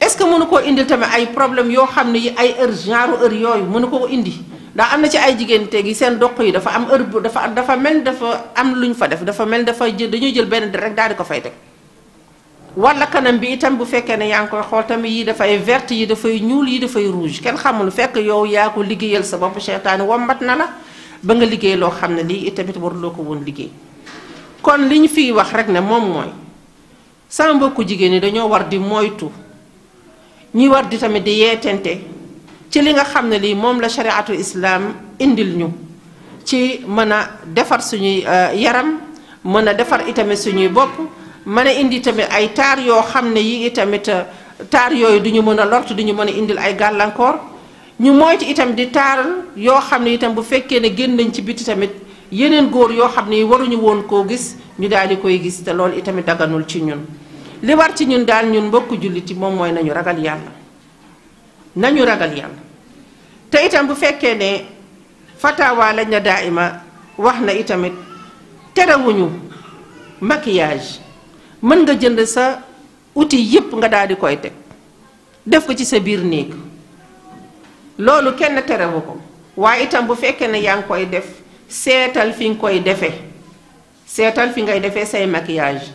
est-ce que mënu koo indi tamit ay problème yoo xam ne yi ay heure genre heure yooyu mënu koo indi ndax am na ci ay jigéen teg yi seen doq yi dafa am heure bu dafa dafa mel dafa am luñ fa def dafa mel dafa jël dañoo jël benn rek daal di ko fay teg. wala kanam bi itam bu fekkee ne yaa ngi koy xool tamit yii dafay vert yi dafay ñuul yi dafay rouge kenn xamul fekk yow yaa ko liggéeyal sa bopp seytaane wombat na la ba nga liggéey loo xam ne lii itamit waruloo ko woon liggéey kon li ñu fi wax rek ne moom mooy sama mbokku jigéen ñi dañoo war di moytu ñi war di tamit di yeetente ci li nga xam ne lii moom la shariatul islaam indil ñu ci mën a defar suñuy euh, yaram mën a defar itamit suñuy bopp mën a indi tamit ay taar yoo xam ne yi tamit euh, taar yooyu du ñu mën a lort du ñu mën a indil ay gàllankoor ñu moytu itam di taaral yoo xam ne itam bu fekkee ne génn nañ ci biti tamit yeneen góor yoo xam ne waruñu woon koo gis ñu daal di koy gis te loolu itamit daganul ci ñun li war ci ñun daal ñun mbokk julliti moom mooy nañu ragal yàlla nañu ragal yàlla te itam bu fekkee ne fatawa lañ na daa ima wax na itamit terewuñu maquillage mën nga jënd sa outil yépp nga daal di koy teg def ko ci sa biir néeg loolu kenn terewu ko waaye itam bu fekkee ne yaa ngi koy def seetal fi nga koy defee seetal fi ngay defee say maquillage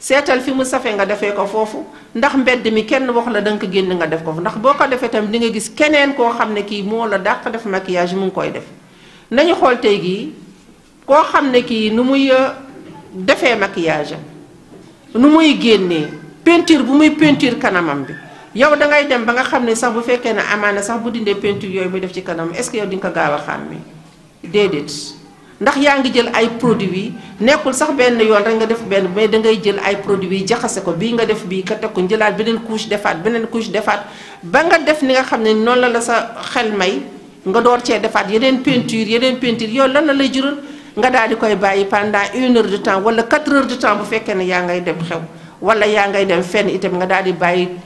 seetal fi mu safee nga defee ko foofu ndax mbedd mi kenn wax la danga ko génn nga def ko ndax boo ko defee tam di nga gis keneen koo xam ne kii moo la daq def maquillage mu ngi koy def nañu xool tey gii koo xam ne kii nu muy euh, defee maquillage nu muy génnee peinture bu muy peinture kanamam bi yow da ngay dem ba nga xam ne sax bu fekkee ne amaana sax bu dindee peinture yooyu muy def ci kanam est-ce que yow di ko gaaw a xàmme déedéet ndax yaa ngi jël ay produit yi nekkul sax benn yoon rek nga def benn mais da ngay jël ay produit yi jaxase ko bii nga def bii ka teg ko njëlaat beneen couche defaat beneen couche defaat ba nga def ni nga xam ne noonu la la sa xel may nga door cee defaat yeneen peinture yeneen peinture yow lan la lay jural. nga daal di koy bayyi pendant 1 heure de temps wala 4 heures de temps bu fekkee ne yaa ngay dem xew wala ya ngay dem fenn itam nga daal di bàyyi.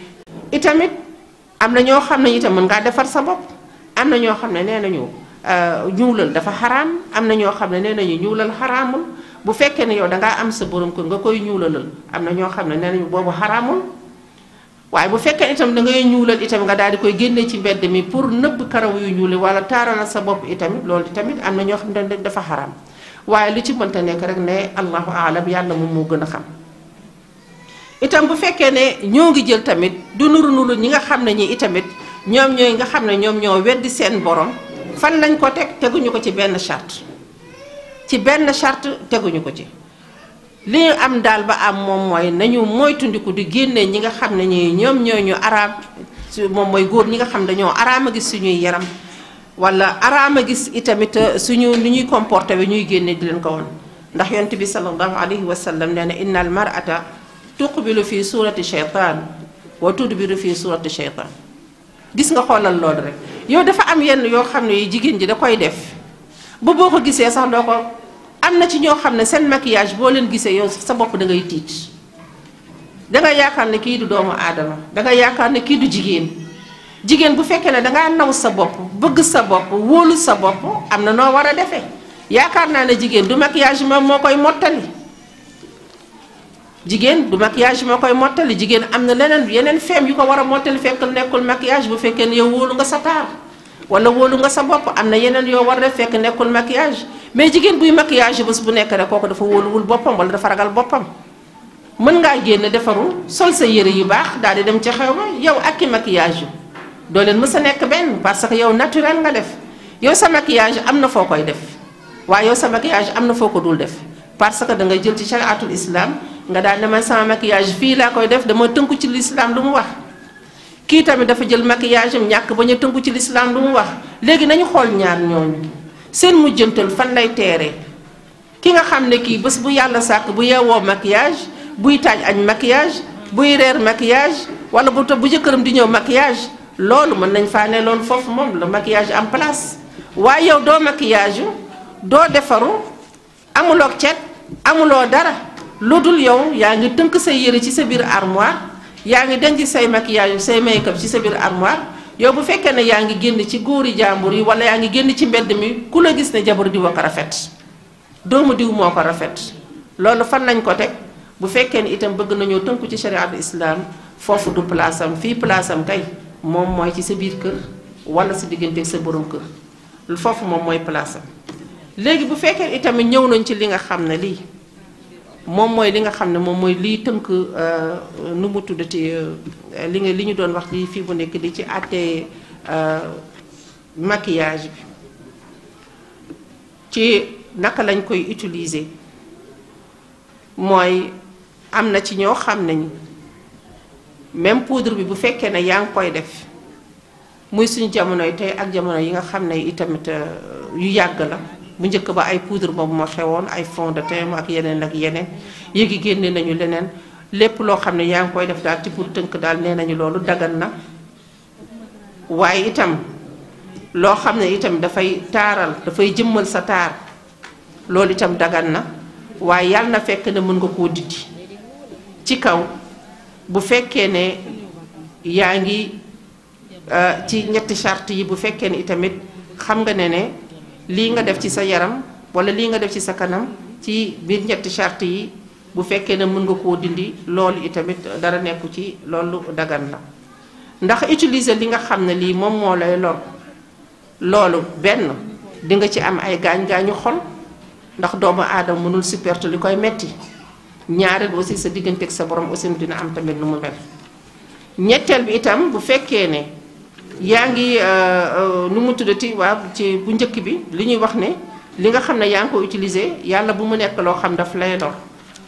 itamit amna ño ñoo itam mën nga defar sa bop amna ño ñoo xam euh ñuulal dafa haram amna ño ñoo xam ñuulal haramul bu fekkee ne yow da nga am sa borom ko nga koy ñuulal amna ño ñoo xam bobu haramul nañu waaye bu fekkee itam da ngay ñuulal itam nga daal di koy génne ci mbedd mi pour nëbb karaw yu ñuule wala taaral sa bopp itamit loolu itamit am na ñoo xam ne dafa xaram waaye lu ci mënta nekk rek ne allahu alam yàlla moom moo gën a xam itam bu fekkee ne ñoo ngi jël tamit du nuru nuru ñi nga xam ne ñi itamit ñoom ñooy nga xam ne ñoom ñoo weddi seen borom fan lañ ko teg teguñu ko ci benn charte ci benn charte teguñu ko ci li ñu am daal ba am moom mooy nañu moytundiku di génne ñi nga xam ne ñi ñoom ñoo ñu araam moom mooy góor ñi nga xam ne dañoo araam a gis suñuy yaram wala a gis itamit euh, suñu ni ñuy comporté bi ñuy génnee di leen ko woon ndax yonent bi sallallahu alayhi wa sallam nee na inna al marata tuqbilu fi surati cheytaan wa tudbiru fi surati cheytaan gis nga xoolal loolu rek yow dafa am yenn yoo xam ne jigéen ji da koy def ba boo ko gisee sax doo ko am na ci ñoo xam ne seen maquillage boo leen gisee yow sa bopp da ngay tiit da yaakaar ne kii du doomu aadama da nga yaakaar ne kii du jigéen jigéen bu fekkee ne dangaa naw sa bopp bëgg sa bopp wóolu sa bopp am na noo war a defe yaakaar naa ne jigéen du maquillage moom moo koy mottali jigéen du maquillage moo koy mottali jigéen am na leneen yeneen feem yu ko war a mottali fekk nekkul maquillage bu fekkee ne yow wóolu nga sa taar wala wóolu nga sa bopp am na yeneen yow war a def fekk nekkul maquillage mais jigéen buy maquillage bés bu nekk rek kooko dafa wóoluwul boppam wala dafa ragal boppam mën ngaa génn defaru sol sa yére yu baax daal di dem ca xew yow ak ki maquillage doo leen mës nekk benn parce que yow naturel nga def yow sa maquillage am na foo koy def waaye yow sa maquillage am na foo ko dul def parce que da nga jël ci chariatul islam nga daan ne man sama maquillage fii laa koy def dama tënku ci l'islam lu mu wax. kii tamit dafa jël maquillage am ñàkk ba ñu tënku ci l'islam lu mu wax léegi nañu xool ñaar ñooñu seen mujjantal fan lay teeree ki nga xam ne kii bés bu yàlla sàkk bu yeewoo maquillage buy taaj añ maquillage buy reer maquillage wala bu to bu jëkkëram di ñëw maquillage. lolu mën nañ faa ne loolu foofu moom la maquillage am place wa yow do maquillage doo defaru amuloo amul amuloo dara ludul yow yaangi teunk tënk say yëre ci sa bir armoire yaangi ngi denc say maquillage say make-up ci sa bir armoire yow bu fekkee ne yaa ngi génn ci góori jàmbur yi wala yaa ngi génn ci mbedd mi ku la gis ne jabar diw a ko rafet doomu diw moo ko rafet loolu fan nañ ko teg bu fekkee ne itam bëgg nañoo tënku ci chariatul islam foofu du place am fii place am kay moom mooy ci sa biir kër wala sa diggante sa borom kër lu foofu moom mooy place am léegi bu fekkee itamit ñëw nañ ci li nga xam ne lii moom mooy li nga xam ne moom mooy liy tënk euh, nu mu tuddati euh, li nga li ñu doon wax lii fii bu nekk li ci àttee euh, maquillage bi ci naka lañ koy utiliser mooy am na ci ñoo xam nañ même poudre bi bu fekkee ne yaa ngi koy def muy suñu jamono yi tey ak jamono yi nga xam ne itamit euh, yu yàgg la bu njëkk ba ay poudre boobu ma xewoon ay fond de teint ak yeneen ak yeneen yéegi génne nañu leneen lépp loo xam ne yaa ngi koy def daal ci pour tënk daal nee nañu loolu dagan na waaye itam loo xam ne itam dafay taaral dafay jëmmal sa taar loolu itam dagan na waaye yàlla na fekk ne mën nga koo diddi ci kaw bu fekkee ne yaa ngi euh, ci ñetti charte yi bu fekkee ne itamit xam nga ne ne lii nga def ci sa yaram wala lii nga def ci sa kanam ci biir ñetti charte yi bu fekkee ne mën nga koo dindi loolu itamit dara nekku ci loolu dagan la ndax utiliser li nga xam ne lii moom moo lay lor loolu benn dinga ci am ay gaañ-gaañu xol ndax doomu aadama mënul supporter li koy metti ñaareel ba aussi sa diggante ak sa borom aussi dina am tamit nu mu mel ñetteel bi itam bu fekkee ne yaa ngi euh, euh, nu mu tuddati waaw ci bu njëkk bi li ñuy wax ne li nga xam ne yaa ngi ko utiliser yàlla bu mu nekk loo xam daf lay lor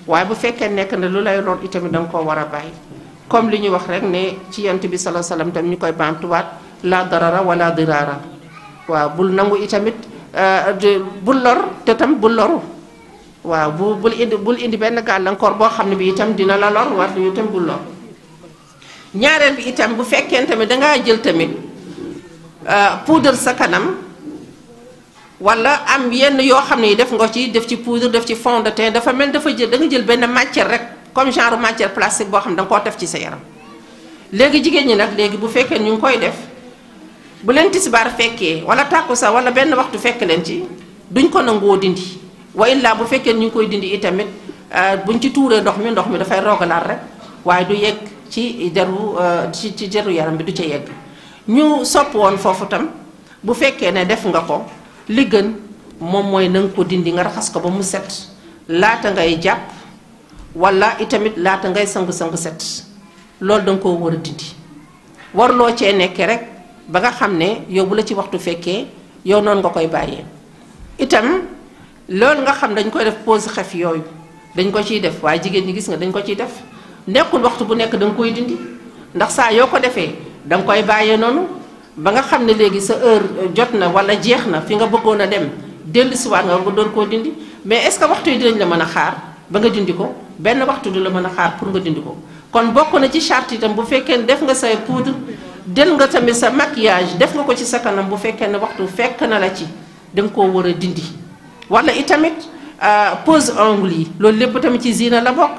waaye bu fekkee nekk na lu lay lor itamit da nga koo war a bàyyi comme li ñuy wax rek ne ci yant bi sala salaam tam ñu koy bantuwaat la darara wala diraara waaw bul nangu itamit euh, bul lor te tam bul loru waaw bu bul indi bul indi benn gàllankoor boo xam ne bi itam dina la lor war du itam bul ñaareel bi itam bu fekkee tamit dangaa jël tamit euh, puudar sa kanam walla am yenn yoo xam ne def nga ci def ci poudre def ci fond de teint dafa mel dafa jël da jël benn matière rek comme genre matière plastique boo xam ne da koo def ci sa yaram léegi jigéen ñi nag léegi bu fekkee ñu ngi koy def bu leen tisbaar fekkee wala tàkku sax wala benn waxtu fekk leen ci duñ ko nangoo dindi wa illaa bu fekkee ñu ngi koy dindi itamit euh, buñ ci tuuree ndox mi ndox mi dafay rogalaat rek waaye du yegg ci deru euh, ci ci deru yaram bi du ca yegg ñu sopp woon foofu itam bu fekkee ne def nga ko li gën moom mooy na nga ko dindi nga raxas ko ba mu set laata ngay jàpp wala itamit laata ngay sangu-sangu set loolu da nga koo war a dindi warloo cee nekke rek ba nga xam ne yow la ci waxtu fekkee yow noonu nga koy bàyyee itam loolu nga xam dañ koy def pause xef yooyu dañ ko ciy def waaye jigéen ñi gis nga dañ ko ciy def nekkul waxtu bu nekk da nga koy dindi ndax saa yoo ko defee da nga koy bàyyee noonu ba nga xam ne léegi sa heure euh, jot na wala jeex na fi nga bëggoon a dem dellu siwaat nga nga doon koo dindi mais est-ce que waxtu yi dinañ la mën a xaar ba nga dindi ko benn waxtu du la mën a xaar pour nga dindi ko kon bokk na ci charte itam bu fekkee def nga say poudre del nga tamit sa maquillage def nga ko ci sa bu fekkee ne waxtu fekk na la ci da nga koo war a dindi wala itamit euh, pose ongle yi loolu lépp tamit ci ziina la bokk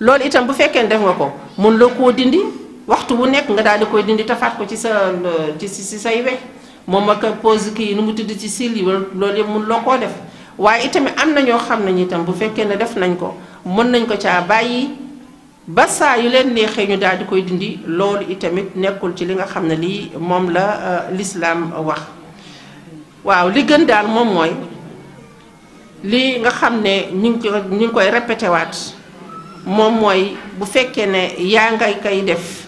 loolu itam bu fekkee def nga ko mën loo koo dindi waxtu bu nekk nga daal di koy dindi tafaat ko ci sa ci si say we moom ak pose kii nu mu tudd ci sil yi loolu yëpp mun loo koo def waaye itamit am na ñoo xam ne ñi itam bu fekkee ne def nañ ko mën nañ ko caa bàyyi ba saa yu leen neexee ñu daal di koy dindi loolu itamit nekkul ci li nga xam ne lii moom la euh, lislaam wax waaw li gën daal lii nga xam ne ñu ngi koy ñu ngi koy répété waat moom mooy bu fekkee ne yaa ngay koy def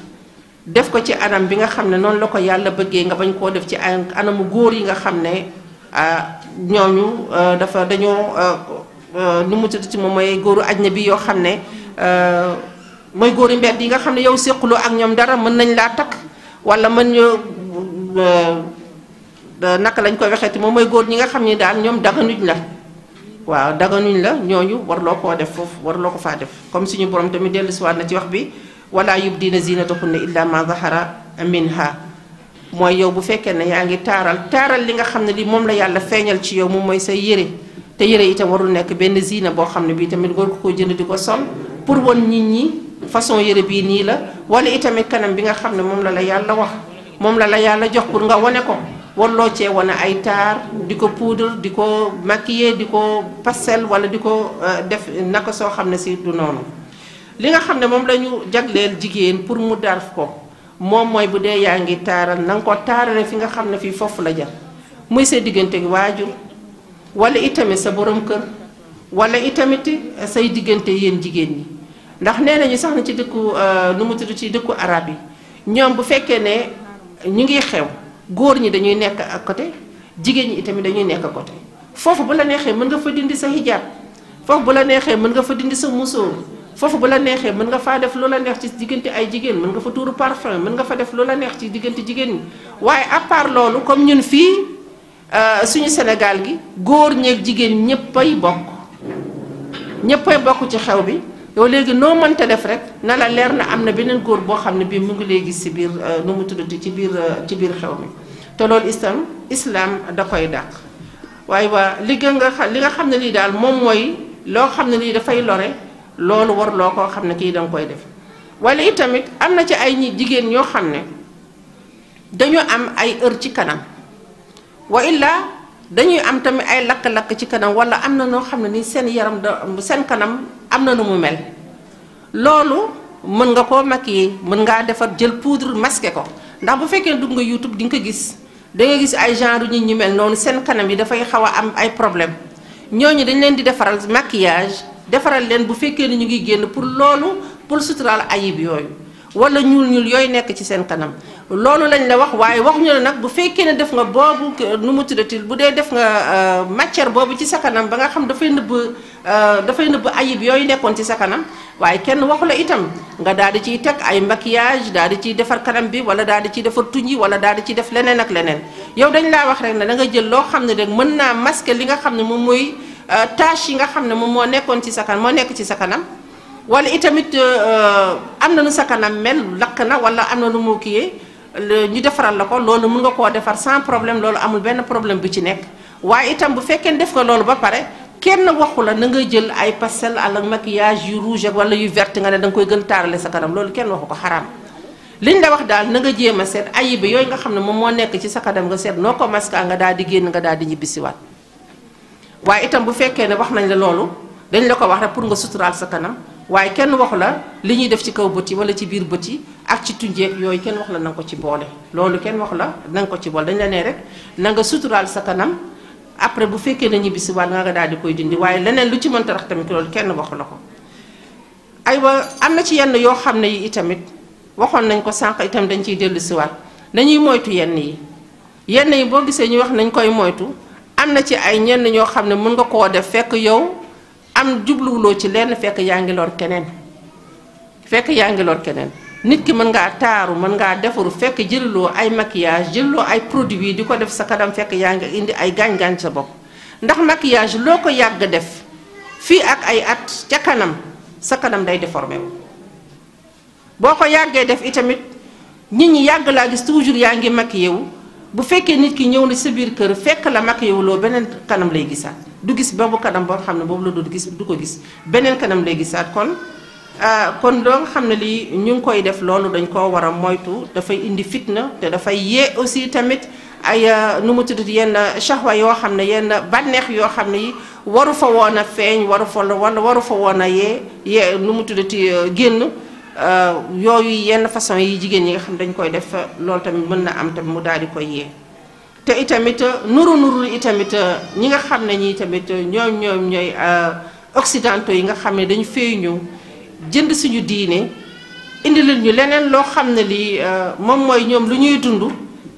def ko ci anam bi nga xam ne noonu la ko yàlla bëggee nga bañ koo def ci anamu góor yi nga xam ne ah, ñooñu euh, dafa dañoo euh, euh, nu mu ci moom mooy góor ajna bi yoo xam ne mooy góori mbedd yi nga xam ne yow séquloo ak ñoom dara mën nañ laa takk wala mën ñoo naka lañ koy waxeeti moom mooy góor ñi nga xam ne daal ñoom daganuñ la waaw daganuñ la ñooñu warloo koo def foofu warloo ko faa def comme suñu borom tamit dellu siwaat na ci wax bi wala yubdina zinatahunna illa ma zahara minha mooy yow bu fekkee ne yaa ngi taaral taaral li nga xam ne li moom la yàlla feeñal ci yow moom mooy say yére te yére itam warul nekk benn zina boo xam ne bii tamit war ko koo jënd di ko sol pour won nit ñi façon yére bii nii la wala itamit kanam bi nga xam ne moom la la yàlla wax moom la la yàlla jox pour nga wone ko warloo cee wane ay taar di ko puudar di ko maquiller di ko pastel wala di ko euh, def naka soo xam ne si du noonu li nga xam ne moom lañu ñu jagleel jigéen pour mu darf ko moom mooy bu dee yaa ngi taaral na ko taarale fi nga xam ne fii foofu la jar muy sa diggante waajur wala itamit sa borom kër wala itamit say diggante yéen jigéen ñi ndax nee nañu sax na ci dëkku euh, nu mu tudd ci dëkku arab yi ñoom bu fekkee ne ñu ngi xew góor ñi dañuy nekk ak côté jigéen ñi itamit dañuy nekk ak côté foofu bu la neexee mën nga fa dindi sa hijab foofu bu la neexee mën nga fa dindi sa musóor foofu bu la neexee mën faa def lu la neex ci diggante ay jigéen mën nga fa tuuru parfum mën nga fa def lu la neex ci diggante jigéen ñi waaye à part loolu comme ñun fii euh, suñu Sénégal gi góor ñeeg jigéen ñëppay bokk ñëppay bokk ci xew bi yow léegi noo mënta def rek na la leer na am na beneen góor boo xam ne bii mu ngi léegi si biir nu mu tuddati ci biir ci biir xew mi te loolu islam islam da koy dàq waaye waa li nga xam li nga xam ne lii daal moom mooy loo xam ne lii dafay lore loolu war loo koo xam ne kii danga koy def wala itamit am na ci ay ñi jigéen ñoo xam ne dañu am ay heure ci kanam wa illa dañuy am tamit ay lakk-lakk ci kanam wala am na noo xam ne ni seen yaram da seen kanam am na nu mu mel loolu mën nga koo yi mën ngaa defar jël poudre masqué ko ndax bu fekkee dugg nga YouTube di nga ko gis da nga gis ay genre ñi ñi mel noonu seen kanam yi dafay xaw a am ay problème ñooñu dañ leen di defaral makiyage defaral leen bu fekkee ni ñu ngi génn pour loolu pour suturaal ayib yooyu. wala ñuul ñuul yooyu nekk ci seen kanam loolu lañ la wax waaye waxuñu ñu la nag bu fekkee ne def nga boobu nu mu tuddatil bu dee def nga euh, matière boobu ci sa kanam ba nga xam dafay nëbb euh, dafay nëbb ayib yooyu nekkoon ci sa kanam waaye kenn waxu la itam nga daal di ciy teg ay maquillage daal di ciy defar kanam bi wala daal di ciy defar tuñ yi wala daal di ciy def leneen ak leneen yow dañ laa wax rek ne da nga jël loo xam ne rek mën naa masquer li nga xam ne moom mooy euh, tâche yi nga xam ne moom moo nekkoon ci sa kanam moo nekk ci sa kanam wala itamit euh, am na nu sa kanam mel lakk na wala am na nu moo kii ñu defaral la ko loolu mun nga koo defar sans problème loolu amul benn problème bu ci nekk waaye itam bu fekkee def nga loolu ba pare kenn waxu la na nga jël ay pastel àla maquillage yu rouge wala yu verte nga ne da nga koy gën taarale sa kanam loolu kenn waxu ko xaraam liñ la wax daal na jéem a seet ayib yooyu nga xam ne moom moo nekk ci sa kanam nga seet noo ko masque nga di génn nga daal di ñibbisiwaat waaye itam bu fekkee ne wax nañ la loolu dañ la ko wax rek pour nga suturaal sa kanam waaye kenn waxu la li ñuy def ci kaw bët yi wala ci biir bët yi ak ci tunjeeg yooyu kenn wax la na ko ci boole loolu kenn wax la na ko ci boole dañ la nee rek nanga nga suturaal sa kanam après bu fekkee na ñibbi si waat nga daal di koy dindi waaye leneen lu ci mën tarax tamit kenn waxu la ko aywa am na ci yenn yoo xam ne yi itamit waxoon nañ ko sànq itam dañ ciy dellu siwaat nañuy moytu yenn yi yenn yi boo gisee ñu wax nañ koy moytu am na ci ay ñenn ñoo xam ne mën nga koo def fekk yow am jubluwuloo ci lenn fekk yaa ngi lor keneen fekk yaa ngi lor keneen nit ki mën ngaa taaru mën ngaa defaru fekk jëliloo ay maquillage jëliloo ay produits di ko def sa kanam fekk yaa ngi indi ay gaañ-gaañ sa bopp ndax maquillage loo ko yàgg def fii ak ay at ca kanam sa kanam day déformé wu boo ko yàggee def itamit nit ñi yàgg laa gis toujours yaa ngi maquillé wu bu fekkee nit ki ñëw na sa biir kër fekk la mag yow loo beneen kanam lay gisaat du gis ba bu kanam boo xam ne boobu la du gis du ko gis beneen kanam lay gisaat kon ah, kon doo xam ne lii ñu ngi koy def loolu dañ koo war a moytu dafay indi fitna te dafay yee aussi tamit ay ah, nu mu tudd yenn shahwa yoo xam ne yenn bànneex yoo xam ne yi waru fa woon a feeñ waru fa waru fa woon a yee yee nu mu tuddati ah, génn Euh, yooyu yenn façon yi jigéen ñi nga xam dañ koy def loolu tamit mën na am tamit mu daal di koy yee te itamit nuru nuru itamit ñi nga xam ne ñi tamit ñoom ñoom ñooy euh, occidentaux yi nga xam ne dañu fee ñëw jënd suñu diine indi leen ñu leneen loo xam ne lii euh, moom mooy ñoom lu ñuy dund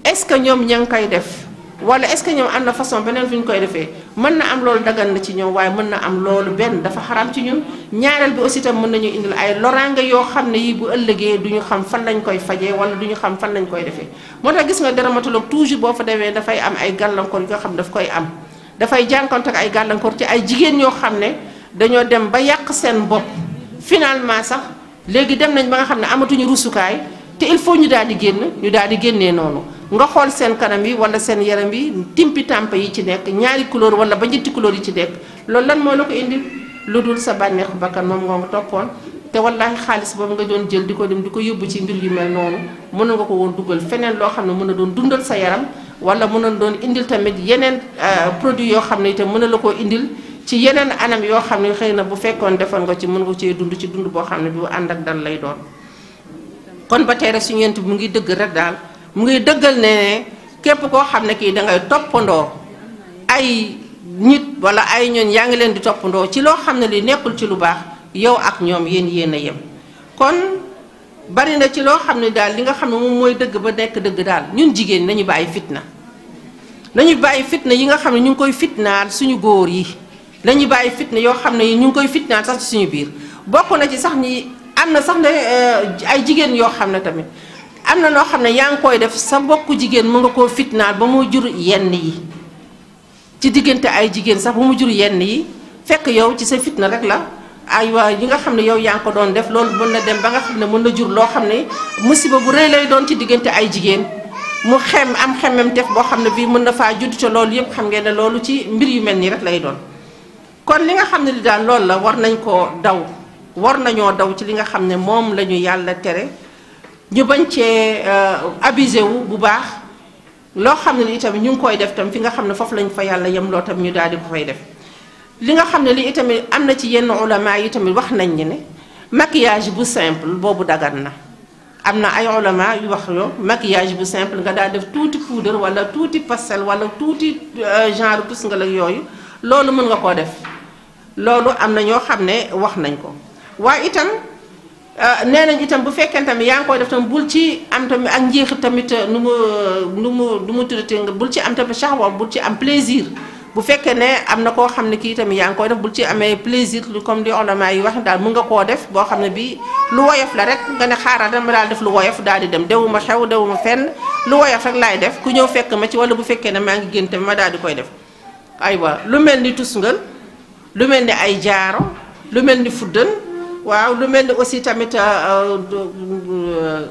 est-ce que ñoom ña ngi koy def wala est-ce que ñoom am na façon beneen fu ñu koy defee mën na am loolu dagan na ci ñoom waaye mën na am loolu benn dafa xaram ci ñun ñaareel bi aussi tam mën nañu indil ay loraange yoo xam ne yi bu ëllëgee du ñu xam fan lañ koy fajee wala du ñu xam fan lañ koy defee moo tax gis nga dermatologue toujours boo fa demee dafay am ay gàllankoor yi nga xam dafa koy am dafay jànkonte ak ay gàllankoor ci ay jigéen ñoo xam ne dañoo dem ba yàq seen bopp finalement sax léegi dem nañ ba xam ne amatuñu rusukaay te il faut ñu daal di génn ñu daal di noonu nga xool seen kanam yi wala seen yaram yi timpi tàmpa yi ci nekk ñaari couleur wala ba ñetti couleur yi ci nekk loolu lan moo la ko indi lu dul sa bànneexu bakkan moom nga toppoon te wallaahi xaalis boobu nga doon jël di ko dem di ko yóbbu ci mbir yu mel noonu mën nga ko woon dugal feneen loo xam ne mën na doon dundal sa yaram wala mën na doon indil tamit yeneen euh, produit yoo xam ne itam mën na la koo indil ci yeneen anam yoo xam ne xëy na bu fekkoon defoon nga ci mën cee dund ci dund boo xam ne bu ànd ak dal lay doon ba tey rek mu ngi dëgg rek daal mu ngi dëggal ne képp koo xam ne kii dangay toppandoo ay nit wala ay ñoon yaa ngi leen di toppandoo ci loo xam ne li nekkul ci lu baax yow ak ñoom yéen yéen a yem kon bari na ci loo xam ne daal li nga xam ne moom mooy dëgg ba nekk dëgg daal ñun jigéen nañu bàyyi fitna nañu bàyyi fitna yi nga xam ne ñu ngi koy fitnaal suñu góor yi nañu bàyyi fitna yoo xam ne ñu ngi koy fitnaal sax ci suñu biir bokk na ci sax nii am na sax ne euh, ay jigéen yoo xam ne tamit am na noo xam ne yaa ngi koy def sa mbokku jigéen mu nga koo fitnaal ba mu jur yenn yi ci diggante ay jigéen sax ba mu jur yenn yi fekk yow ci sa fitna rek la ay waa yi nga xam ne yow yaa ngi ko doon def loolu mën na dem ba nga xam ne mën na jur loo xam ne musiba bu rëy lay doon ci diggante ay jigéen mu xem am xemem boo xam ne bii mën na faa judd te loolu yëpp xam ngeen ne loolu ci mbir yu mel nii rek lay doon kon li nga xam ne li daal loolu la war nañ koo daw war nañoo daw ci li nga xam ne moom la yàlla tere ñu bañ cee euh, abusé wu bu baax loo xam ne li itamit ñu ngi koy def tam fi nga xam ne foofu lañ fa yàlla yem loo tam ñu daal di koy def li nga xam ne li itamit am na ci yenn ulama yi tamit wax nañ ñi ne maquillage bu simple boobu dagan na am na ay ulama wax yoo maquillage bu simple nga daal def tuuti poudre wala tuuti pastel wala tuuti euh, genre pusngal ak yooyu loolu mën nga koo def am na ñoo xam ne wax nañ ko waaye itam Euh, nee nañ itam bu fekkee tamit yaa ngi koy def tam bul ci am tamit ak njeexit tamit euh, nu mu nu mu nu mu tuddati nga bul ci am tamit saxawoon bul ci am plaisir bu fekkee ne am na koo xam ne kii tamit yaa ngi koy def bul ci amee plaisir comme di olama yi wax daal mun nga koo def boo xam ne bii lu woyof la rek nga ne xaaral dama daal def lu woyof daal di dem dewuma xew dewuma fenn lu woyof rek laay def ku ñëw fekk ma ci wala bu fekkee ne maa ngi génn tamit ma daal di koy def aywa lu mel ni tusngal lu mel ni ay jaaro lu mel ni fuddan waaw lu mel ni aussi tamit euh, euh,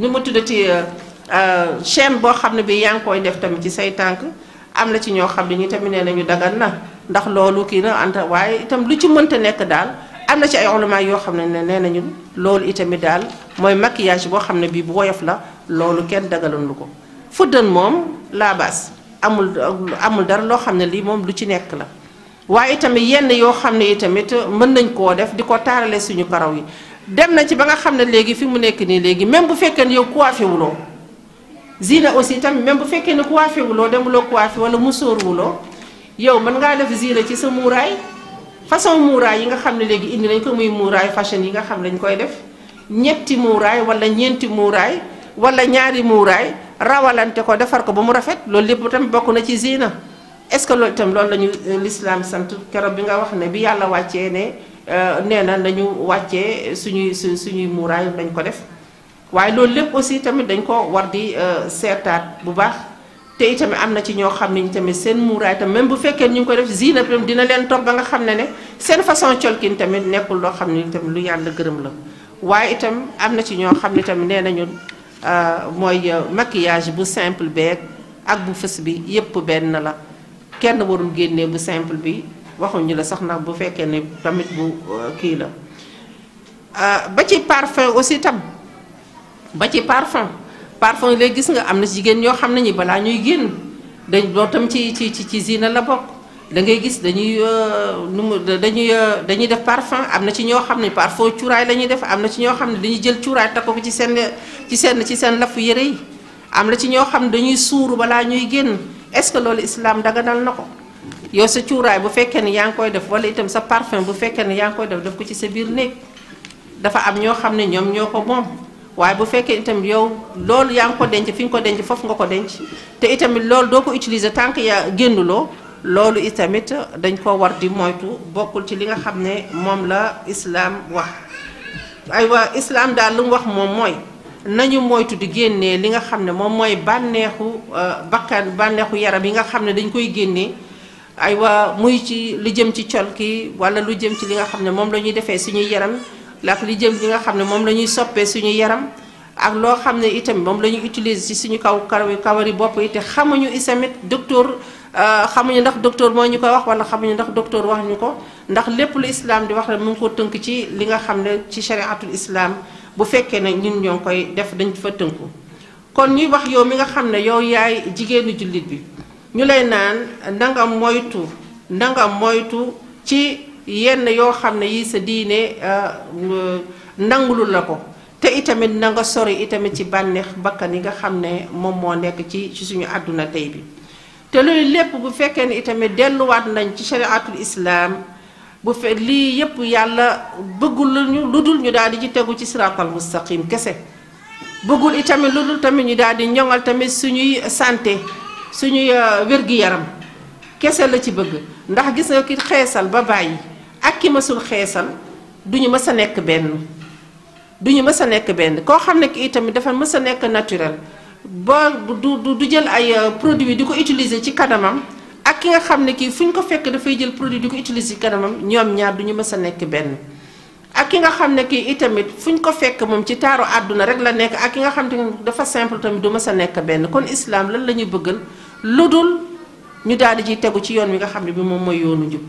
nu mu tuddati euh, chaîne boo xam ne bi yaa ngi koy def tamit ci say tànk am na ci ñoo xam ne ñi tamit nee nañu dagan na ndax loolu kii na anta waaye itam lu ci mënta nekk daal am na ci ay ulama yoo xam ne ne nee nañu loolu itamit daal mooy maquillage boo xam ne bii bu woyof la loolu kenn dagaloon ko fuddan moom laabaas amul amul dara loo xam ne lii moom lu ci nekk la waaye itamit yenn yoo xam ne itamit mën nañ koo def di ko taarale suñu karaw yi dem na ci ba nga xam ne léegi fi mu nekk nii léegi même bu fekkee ne yow coiffé wuloo zina aussi itam même bu fekkee ne coiffé wuloo demuloo coiffé wala musóor yow mën ngaa def zina ci sa muuraay façon muuraay yi nga xam ne léegi indi nañ ko muy muuraay fashion yi nga xam ne dañ koy def ñetti muuraay wala ñeenti muuraay wala ñaari muuraay rawalante ko defar ko ba mu rafet loolu lépp tamit bokk na ci zina est-ce que loolu itam loolu la ñu euh, lislaam sant keroog bi nga wax ne bi yàlla wàccee ne euh, nee na nañu wàccee suñuy su suñuy muuraay dañ ko def waaye loolu lépp aussi tamit dañ ko war di euh, seetaat bu baax te itamit am na ci ñoo xam ne tamit seen muuraay tam même bu fekkee ñu ngi ko def ziina tam dina leen topp ba xam ne ne seen façon colkin tamit nekkul loo xam ne tamit lu yàlla gërëm la waaye itam am na ci ñoo xam ne tamit nee nañu mooy maquillage bu simple beeg ak bu fës bi yépp benn la kenn warul génnee bu simple bi waxuñu la sax na bu fekkee ne tamit bu euh, kii la euh, ba ci parfum aussi tam ba ci parfum parfum léegi gis nga am na ci jigéen ñoo xam ne ñi balaa ñuy génn dañu loo tam ci ci ci zina la bokk da ngay gis dañuy euh, nu mu dañuy dañuy def parfum am na ci ñoo xam ne parfum cuuraay la ñuy def am na ci ñoo xam ne dañuy jël cuuraay takk ko ci seen ci seen ci seen lafu yére yi am na ci ñoo xam ne dañuy suuru balaa ñuy génn est-ce que loolu islam daganal na ko yow sa cuuraay bu fekkee ni yaa ngi koy def wala itam sa parfum bu fekkee ni yaa ngi koy def def ko ci sa biir néeg dafa am ñoo xam ne ñoom ñoo ko moom waaye bu fekkee itam yow loolu yaa ngi ko denc fi nga ko denc foofu nga ko denc te itamit loolu doo ko utiliser tànk que yaa génnuloo loolu itamit dañ ko war di moytu bokkul ci li nga xam ne moom la islaam wax aywa islam daal lu wax moom mooy nañu moytu di génnee li nga xam ne moom mooy bànneexu euh, bakkan bànneexu yaram yi nga xam ne dañ koy génne ay waa muy ci lu jëm ci col ki wala lu jëm ci li nga xam ne moom lañuy defee suñuy yaram ak lu jëm li nga xam ne moom la ñuy soppee suñu yaram ak loo xam ne itam moom la ñuy utiliser ci suñu kaw kawari bopp yi xamuñu isamit docteur euh, xamuñu ndax docteur moo ñu ko wax wala xamuñu ndax docteur wax ñu ko ndax lépp lu islam di wax rek mu ngi ko tënk ci li nga xam ne ci chariatul islaam bu fekkee ne ñun ñoo koy def dañ fa tënku kon ñuy wax yow mi nga xam ne yow yaay jigéenu jullit bi ñu lay naan nanga moytu nanga moytu ci yenn yoo xam ne yi sa diine euh, nangulul la ko te itamit na nga sori itamit ci bànneex bakkan yi nga xam ne moom moo nekk ci suñu àdduna tey bi te loolu lépp bu fekkee ne itamit delluwaat nañ ci shariatul islaam bu fe lii yépp yàlla bëggul luñu lu dul ñu daal di ci tegu ci siraatal mustaqim kese bëggul itamit lu dul tamit ñu daal di ñoŋal tamit suñuy santé suñuy euh, wér-gi-yaram kese la ci bëgg ndax gis nga ki xeesal ba bàyyi ak ki mësul xeesal duñu mës a nekk benn duñu mës a nekk benn koo xam ne ki itamit dafa mës a nekk naturel ba du du jël ay euh, produits di ko utiliser ci kanamam ak ki nga xam ne kii fu ñu ko fekk dafay jël produit di ko utiliser kanamam ñoom ñaar du ñu mës a nekk benn ak ki nga xam ne kii itamit fu ñu ko fekk moom ci taaru àdduna rek la nekk ak ki nga xam ne dafa simple tamit du mës a nekk benn kon islaam lan la ñu bëggal lu dul ñu daal di ciy tegu ci yoon wi nga xam ne bi moom mooy yoonu njub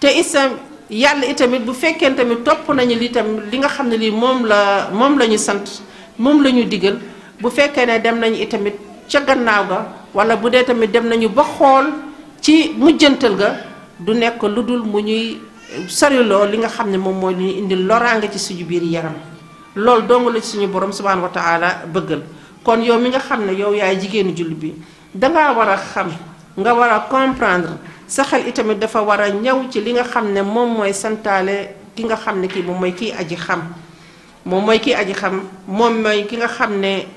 te islam yàlla itamit bu fekkee tamit topp nañu li tam li nga xam ne lii moom la moom la ñu sant moom la ñu digal bu fekkee ne dem nañu itamit ca gannaaw ga wala bu dee tamit dem nañu ba xool ci mujjantal ga du nekk lu dul mu ñuy sariloo li nga xam ne moom mooy li indi loraange ci suñu biir yaram lol dong la ci suñu borom subhanahu wa taala bëggal kon yow mi nga xam ne yow yaay jigéenu julli bi da ngaa war xam nga war a comprendre sa xel itamit dafa war a ci li nga xam ne moom mooy ki nga xam ne kii moom mooy aji xam moom mooy kii aji xam moom mooy ki nga xam ne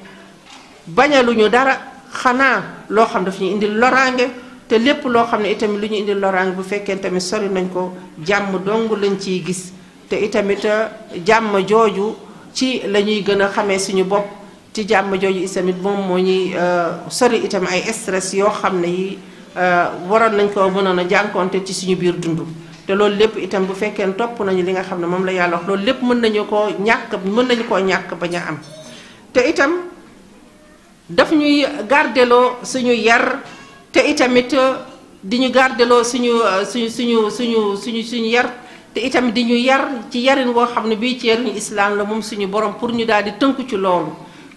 bañaluñu dara xanaa loo xam daf indi loraange te lépp loo xam ne itamit lu ñu indi loraange bu fekkee tamit sori nañ ko jàmm dong lañ ciy gis te itamit euh, jàmm jooju ci la ñuy gën a xamee suñu bopp ci jàmm jooju itamit moom moo ñuy euh, sori itam ay stress yoo xam ne yi euh, waroon nañ ko mënoon a jànkoonte ci suñu biir dund te loolu lépp itam bu fekkee topp nañu li nga xam ne moom la yàlla wax loolu lépp mën nañu koo ñàkk mën nañu koo ñàkk bañ a am te itam daf ñuy gardeloo suñu yar te itamit euh, di ñu gardeloo suñu euh, suñu suñu suñu suñu suñu yar te itamit di ñu yar ci yarin woo xam ne bii ci yarin islam la moom suñu borom pour ñu daal di tënku ci loolu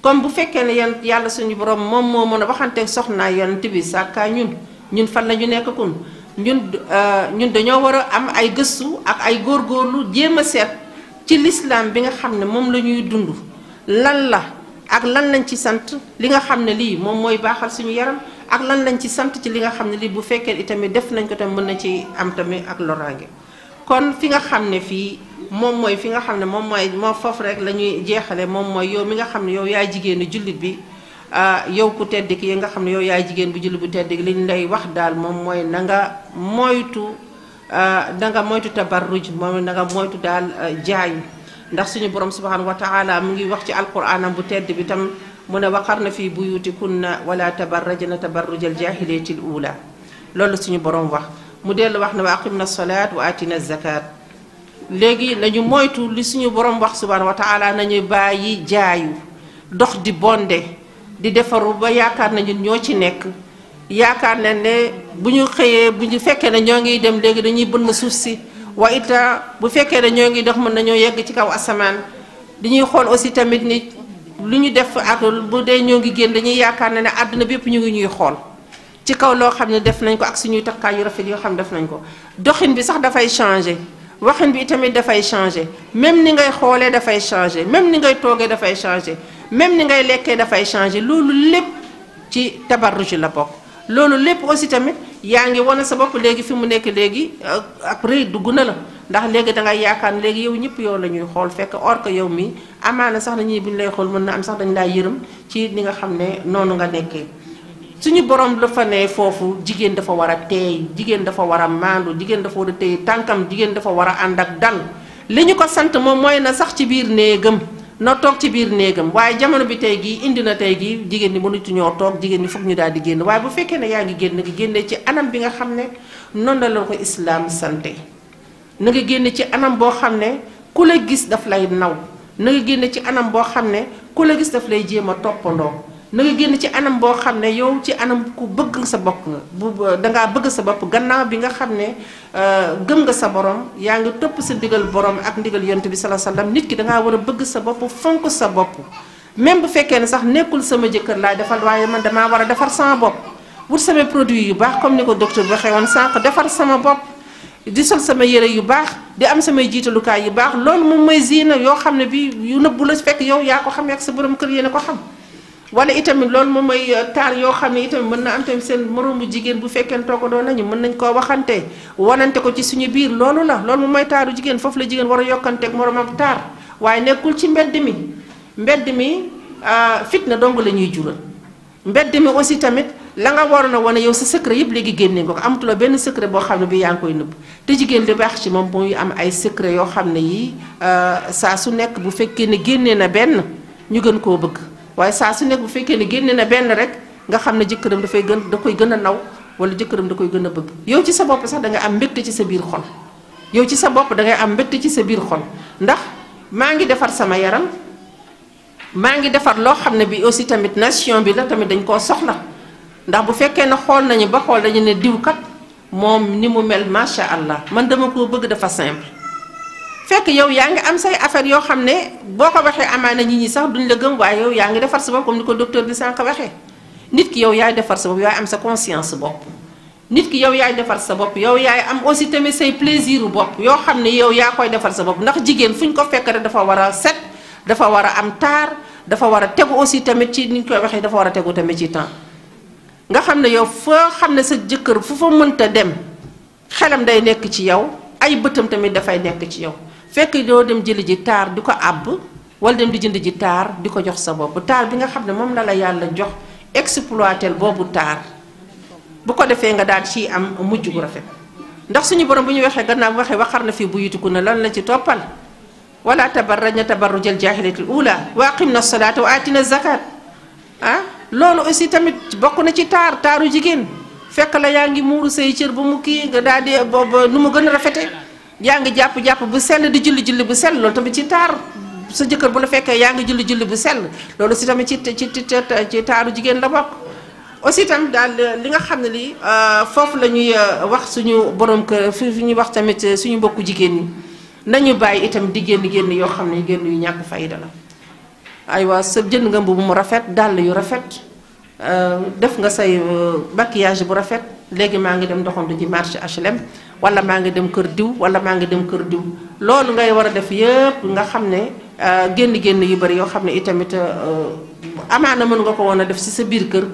comme bu fekkee ne yan yàlla suñu borom moom moo mën a waxante soxnaa yonent bi sàkkaa ñun ñun fan la ñu nekk kun ñun euh, ñun dañoo war a am ay gëstu ak ay góorgóorlu jéem a seet ci lislaam bi nga xam ne moom la ñuy dund lan la ak lan lañ ci sant li nga xam ne lii moom mooy baaxal suñu yaram ak lan lañ ci sant ci li nga xam ne lii bu fekkee itamit def nañ ko tam mën na ci am tamit ak loraange kon fi nga xam ne fii moom mooy fi nga xam ne moom mooy moo foofu rek la ñuy jeexale moom mooy yow mi nga xam ne yow yaay jigéenu jullit bi ah, yow ku tedd ki yi nga xam ne yow yaay jigéen bu jullit bu tedd ki li ñu lay wax daal moom mooy na nga moytu da ah, nga moytu tabarruj moom na nga daal ah, jaay ndax suñu borom subhanahu wa taala mu ngi wax ci alquran bu tedd bi tam mu ne waqarna fi buyutikunna wala tabarrajna tabarruj aljahiliyati alula lolu suñu borom wax mu del wax na wa aqimna salat wa atina zakat legi lañu moytu li suñu borom wax subhanahu wa taala nañu bàyyi jaayu dox di bonde di defaru ba yaakaar nañu ñoo ci nekk yaakaar na ne bu ñu xëyee bu ñu fekkee ne ñoo ngi dem léegi dañuy bënn suuf si wa ita bu fekkee ne ñoo ngi dox mën nañoo yegg ci kaw asamaan dañuy xool aussi tamit ni lu ñu def ak bu dee ñoo ngi génn dañuy yaakaar ne ne àdduna bépp ñu ngi ñuy xool ci kaw loo xam ne def nañ ko ak suñuy takkaay yu rafet yoo xam def nañ ko doxin bi sax dafay changé waxin bi tamit dafay changé même ni ngay xoolee dafay changé même ni ngay toogee dafay changé même ni ngay lekkee dafay changé loolu lépp ci tabarruj la bokk loolu lépp aussi tamit yaa ngi wane sa bopp léegi fi mu nekk léegi euh, ak rëy dugg na la ndax léegi da ngay yaakaar ne léegi yow ñëpp yow la ñuy xool fekk or que yow mi amaana sax nañuy bu ñu lay xool mën na am sax dañu laa yërëm ci li nga xam ne noonu nga nekkee suñu borom dafa ne foofu jigéen dafa war a teey jigéen dafa war a maandu jigéen dafa war a téye tànkam jigéen dafa war a ànd ak dal li ñu ko sant moom mooy na sax ci biir néegam na toog ci biir néegam waaye jamono bi tey gii indi na tey gii jigéen ñi mënutu ñoo toog jigéen ñi foog ñu daal di génn waaye bu fekkee ne yaa ngi génn nga génne ci anam bi nga xam ne noonu ko islaam santé na nga génne ci anam boo xam ne ku la gis daf lay naw na nga génne ci anam boo xam ne ku la gis daf lay jéem a toppandoo na nga génn ci anam boo xam ne yow ci anam ku bëgg sa bopp nga bu da ngaa bëgg sa bopp gannaaw bi nga xam ne euh, gëm nga sa borom yaa ngi topp sa ndigal borom ak ndigal yonent bi sala sallam nit ki da ngaa war a bëgg sa bopp fonk sa bopp même bu fekkee ne sax nekkul sama jëkkër laa defal waaye man damaa war a defar sama bopp wut sama produit yu baax comme ni ko docteur bi waxee woon sànq defar sama bopp di sol sama yére yu baax di am samay jiitalukaay yu baax loolu moom mooy ziina yoo xam bi yu nëbbu la fekk yow yaa ko xam ak sa borom kër ko xam wala itamit loolu moom mooy euh, taar yoo xam ne itamit mën na am tamit seen moroomu jigéen bu fekkee toogandoo nañu mën nañ koo waxante wanante ko ci suñu biir loolu la loolu moom mooy taaru jigéen foofu la jigéen war a yokkanteeg moroomam taar waaye nekkul ci mbedd mi mbedd mi euh, fitna dong la ñuy jural mbedd mi aussi tamit la nga waroon a wane yow si secret yëpp léegi génnee nga ko amatula benn secret boo xam ne bi yaa ngi koy nëbb te jigéen li baax ci moom muy am ay secret yoo xam ne yii euh, saa su nekk bu fekkee ne génnee na benn ñu gën koo bëgg waaye saa su nekk bu fekkee ne génne na benn rek nga xam ne jëkkëram dafay gën da koy gën a naw wala jëkkëram da koy gën a bëgg yow ci sa bopp sax dangay am mbégte ci sa biir xol yow ci sa bopp dangay am mbégte ci sa biir xol ndax maa ngi defar sama yaram maa ngi defar loo xam ne bi aussi tamit nation bi la tamit dañ koo soxla ndax bu fekkee ne xool nañu ba xool dañu ne diwkat moom ni mu mel macha allah man dama koo bëgg dafa simple fekk yow yaa ngi am say affaire yoo xam ne boo ko waxee amaana nit ñi sax duñ la gëm waaye yow yaa ngi defar sa bopp comme ni ko docteur bi sànq waxee nit ki yow yaay defar sa bopp yaay am sa conscience bopp. nit ki yow yaay defar sa bopp yow yaay am aussi tamit say plaisir bopp yoo xam ne yow yaa koy defal sa bopp ndax jigéen fu ñu ko fekk rek dafa war a set dafa war a am taar dafa war a tegu aussi tamit ci ni ñu koy waxee dafa war a tegu tamit ci temps nga xam ne yow foo xam ne sa jëkkër fu fa mënta dem xelam day nekk ci yow ay bëtam tamit dafay nekk ci yow. fekk doo dem jël ji taar di ko àbb wala dem di jënd ji taar di ko jox sa bopp taar bi nga xam ne moom la la yàlla jox exploiter boobu taar bu ko defee nga daal ciy am mujj bu rafet ndax suñu borom bu ñu waxee gannaaw waxee waxar na fii bu yitiku na lan la ci toppal wala tabarrajna tabarrujal jaahiliyatil uulaa wa aqim na salaata wa atina zakat ah loolu aussi tamit bokk na ci taar taaru jigéen fekk la yaa ngi muuru say cër ba mu kii nga daal di nu mu gën a rafete yaa ngi jàpp jàpp bu sell di julli julli bu sell loolu tamit ci taar sa jëkkër bu la fekkee yaa ngi julli julli bu sell loolu si tamit ci ci ci taaru jigéen la bokk. aussi tamit daal li nga xam ne lii euh, foofu la ñuy euh, wax suñu borom kër fi ñuy wax tamit euh, suñu mbokku jigéen ñi nañu bàyyi itam di génn génn yoo xam ne génn yu ñàkk fayda la aywa sa jënd nga mbubb mu rafet dàll yu rafet. Euh, def nga say euh, maquillage bu rafet léegi maa ngi dem doxantu ji marché HLM wala maa ngi dem kër diw wala maa ngi dem kër diw loolu ngay war a def yëpp nga xam ne génn-génn euh, yu bari yoo xam ne itamit amaana mën nga ko woon a def ci sa biir kër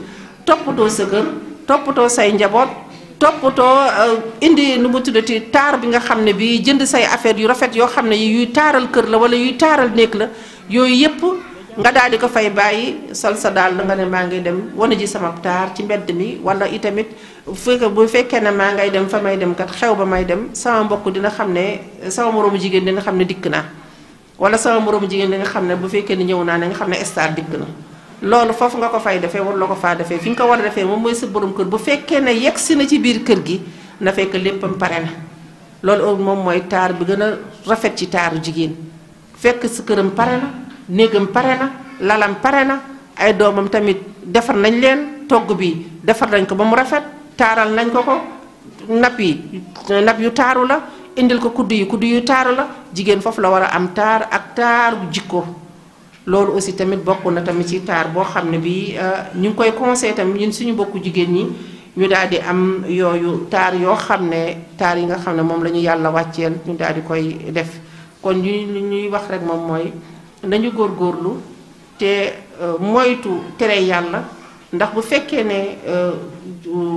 toppatoo sa kër toppatoo say njaboot toppatoo indi nu mu tuddati taar bi nga xam ne bii jënd say affaire yu rafet yoo xam ne yuy taaral kër la wala yuy taaral néeg la yooyu yëpp. nga daal di ko fay bàyyi sol sa daal nga ne maa ngay dem wane ji sama taar ci mbedd mi wala itamit fekk bu fekkee ne maa ngay dem fa may dem kat xew ba may dem sama mbokk dina xam ne sama moroomu jigéen dina xam ne dikk naa wala sama moroomu jigéen di nga xam ne bu fekkee ni ñëw naa ne nga xam ne star dikk na loolu foofu nga ko fay defee waruloo ko faa defee fi nga ko war a defee moom mooy sa borom kër bu fekkee ne yegg si na ci biir kër gi na fekk léppam pare na loolu moom mooy taar bi gën a rafet ci taaru jigéen fekk si këram pare néegam pare na lalam pare na ay doomam tamit defar nañ leen togg bi defar nañ ko ba mu rafet taaral nañ ko ko napp yi napp yu taaru la indil ko kudd yi kudd yu taaru la jigéen foofu la war a am taar ak taar bu jikko loolu aussi tamit bokk na tamit ci taar boo xam ne bii euh, ñu ngi koy conseillé tamit ñun suñu bokku jigéen ñi ñu daal di am yooyu taar yoo xam ne taar yi nga xam ne moom la ñu yàlla wàcceel ñu daal di koy def kon ñu ñuy wax rek moom mooy nañu góorlu te euh, moytu tere yàlla ndax bu fekkee ne euh,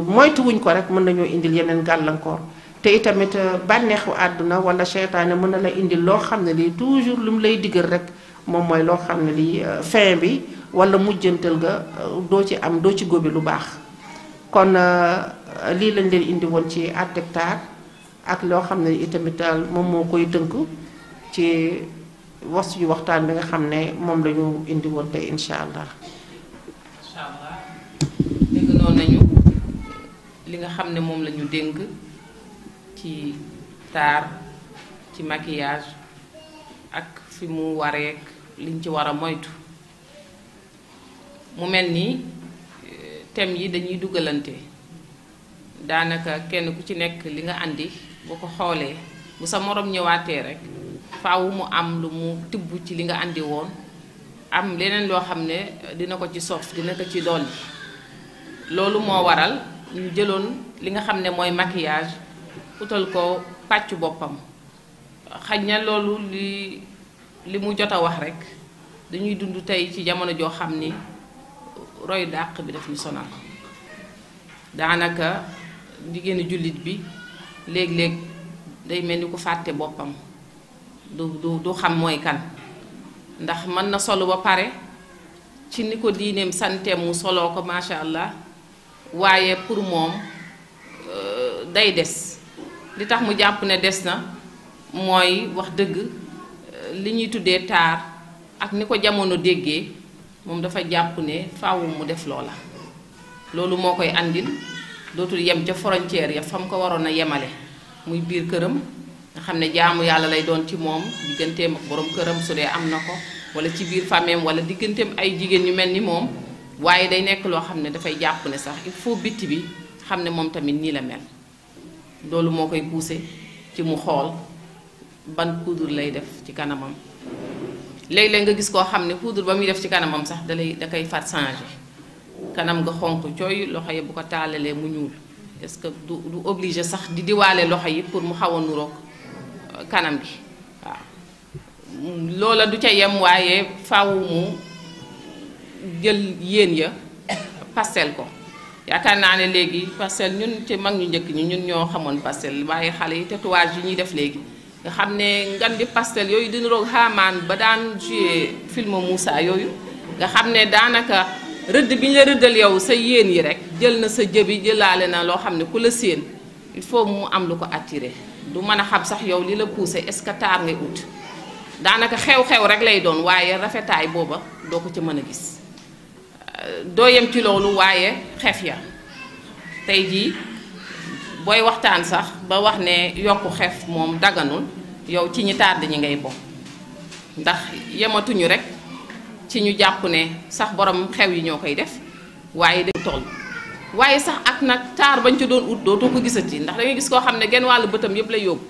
moytu wuñ ko rek mën nañoo indil yeneen gàllankoor te itamit euh, bànneexu àdduna wala seytaane mën na la indil loo xam ne lii toujours lu mu lay diggal rek moom mooy loo xam ne lii fin bi wala mujjantal ga doo ci am doo ci góobe lu baax kon lii lañ leen indi woon ci At Tek Taar ak loo xam ne itamit moom moo koy tënk ci was yu waxtaan bi nga xam ne moom lañu indiwoon indi tey incha allah. incha dégg noonu nañu li nga xam ne moom lañu déng ci taar ci maquillage ak fi mu wareek liñ ci war a moytu mu mel ni euh, thèmes yi dañuy dugalante daanaka kenn ku ci nekk li nga andi boo ko xoolee bu sa moroom ñëwaatee rek. faaw mu am lu mu tibb ci li nga andi woon am leneen loo xam ne dina ko ci sof dina ko ci dolli loolu moo waral ñu jëloon li nga xam ne mooy maquillage utal ko pàccu boppam xaj na loolu li li mu jot a wax rekk dañuy dund tey ci jamono joo xam ni roy dàq bi daf ñu sonal daanaka jigéenu jullit bi léeg-léeg day mel ni ku fàtte boppam du du du xam mooy kan ndax mën na solo ba pare ci ni ko diineem sante mu soloo ko macha allah waaye pour moom euh, day des li tax mu jàpp ne des na mooy wax dëgg euh, li ñuy tuddee taar ak ni ko jamono déggee moom dafa jàpp ne faaw mu def loola loolu moo koy àndil dootul yem ca frontière ya mu ko waroon a yemale muy biir këram nga xam ne jaamu yàlla lay doon ci moom digganteem ak borom këram su dee am na ko wala ci biir fameem wala digganteem ay jigéen ñu mel ni moom waaye day nekk loo xam ne dafay jàpp ne sax il faut bitti bi xam ne moom tamit nii la mel loolu moo koy poussé ci mu xool ban poudre lay def ci kanamam léeg-léeg nga gis koo xam ne poudre ba muy def ci kanamam sax dalay da koy far changé kanam nga xonq cooy loxo yi bu ko taalalee mu ñuul est-ce que du du obligé sax di diwaale loxo yi pour mu xaw a nuroog kanam gi waaw loola du ca yem waaye faaw jël yéen ya pastel ko yaakaar naa ne léegi pastel ñun ci mag ñu njëkk ñi ñun ñoo xamoon pastel waaye xale yi te tatouage yi ñuy def léegi nga xam ne ngan di pastel yooyu dina roog xaamaan ba daan joué film Moussa yooyu nga xam ne daanaka rëdd bi ñu la rëddal yow sa yéen yi rek jël na sa jëbi jëlaale na loo xam ne ku la séen il faut mu am lu ko attiré du mën a xab sax yow li la poussé est-ce que taar ngay ut daanaka xew-xew rek lay doon waaye rafetaay booba doo ko ca mën a gis euh, doo yem ci loolu waaye xef ya tey jii booy waxtaan sax ba wax ne yokk xef moom daganul yow ci ñi tardé ñi ngay bokk ndax yematuñu rek ci ñu jàpp ne sax borom xew yi ñoo koy def waaye dañ toll waaye sax ak nag taar bañ ci doon ut dootoo ko gisati ndax da gis koo xam ne genn wàllu bëtam yëpp lay yóbbu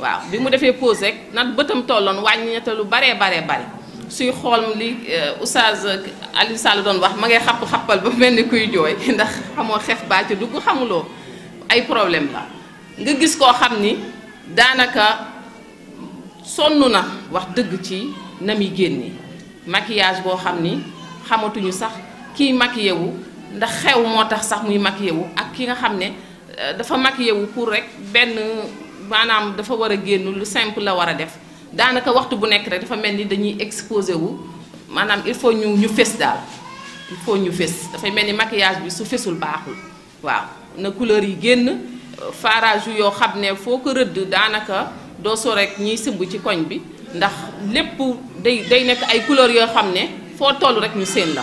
waaw bi mu defee pause rek nag bëtam tolloon wàññi na te lu baree baree bare suy xool li euh, oustaz Aliou Sall doon wax ma ngay xapp xappal ba mel ni kuy jooy ndax xamoo xef baa ci dugg xamuloo ay problème la nga gis koo xam ni daanaka sonn na wax dëgg ci na muy génne maquillage boo xam ni xamatuñu sax kii maquillé wu ndax xew moo tax sax muy maquillé wu ak ki nga xam ne euh, dafa maquillé wu pour rek benn maanaam dafa war a génn lu simple la war a def daanaka waxtu bu nekk rek dafa mel ni dañuy exposé wu maanaam il faut ñu ñu fés daal il faut ñu fés dafay mel ni maquillage bi su feesul baaxul waaw na couleurs yi génn euh, farage yoo xam ne foo ko rëdd daanaka doo soo rek ñiy sëmb ci koñ bi ndax lépp day day nekk ay couleurs yoo xam ne foo tollu rek ñu seen la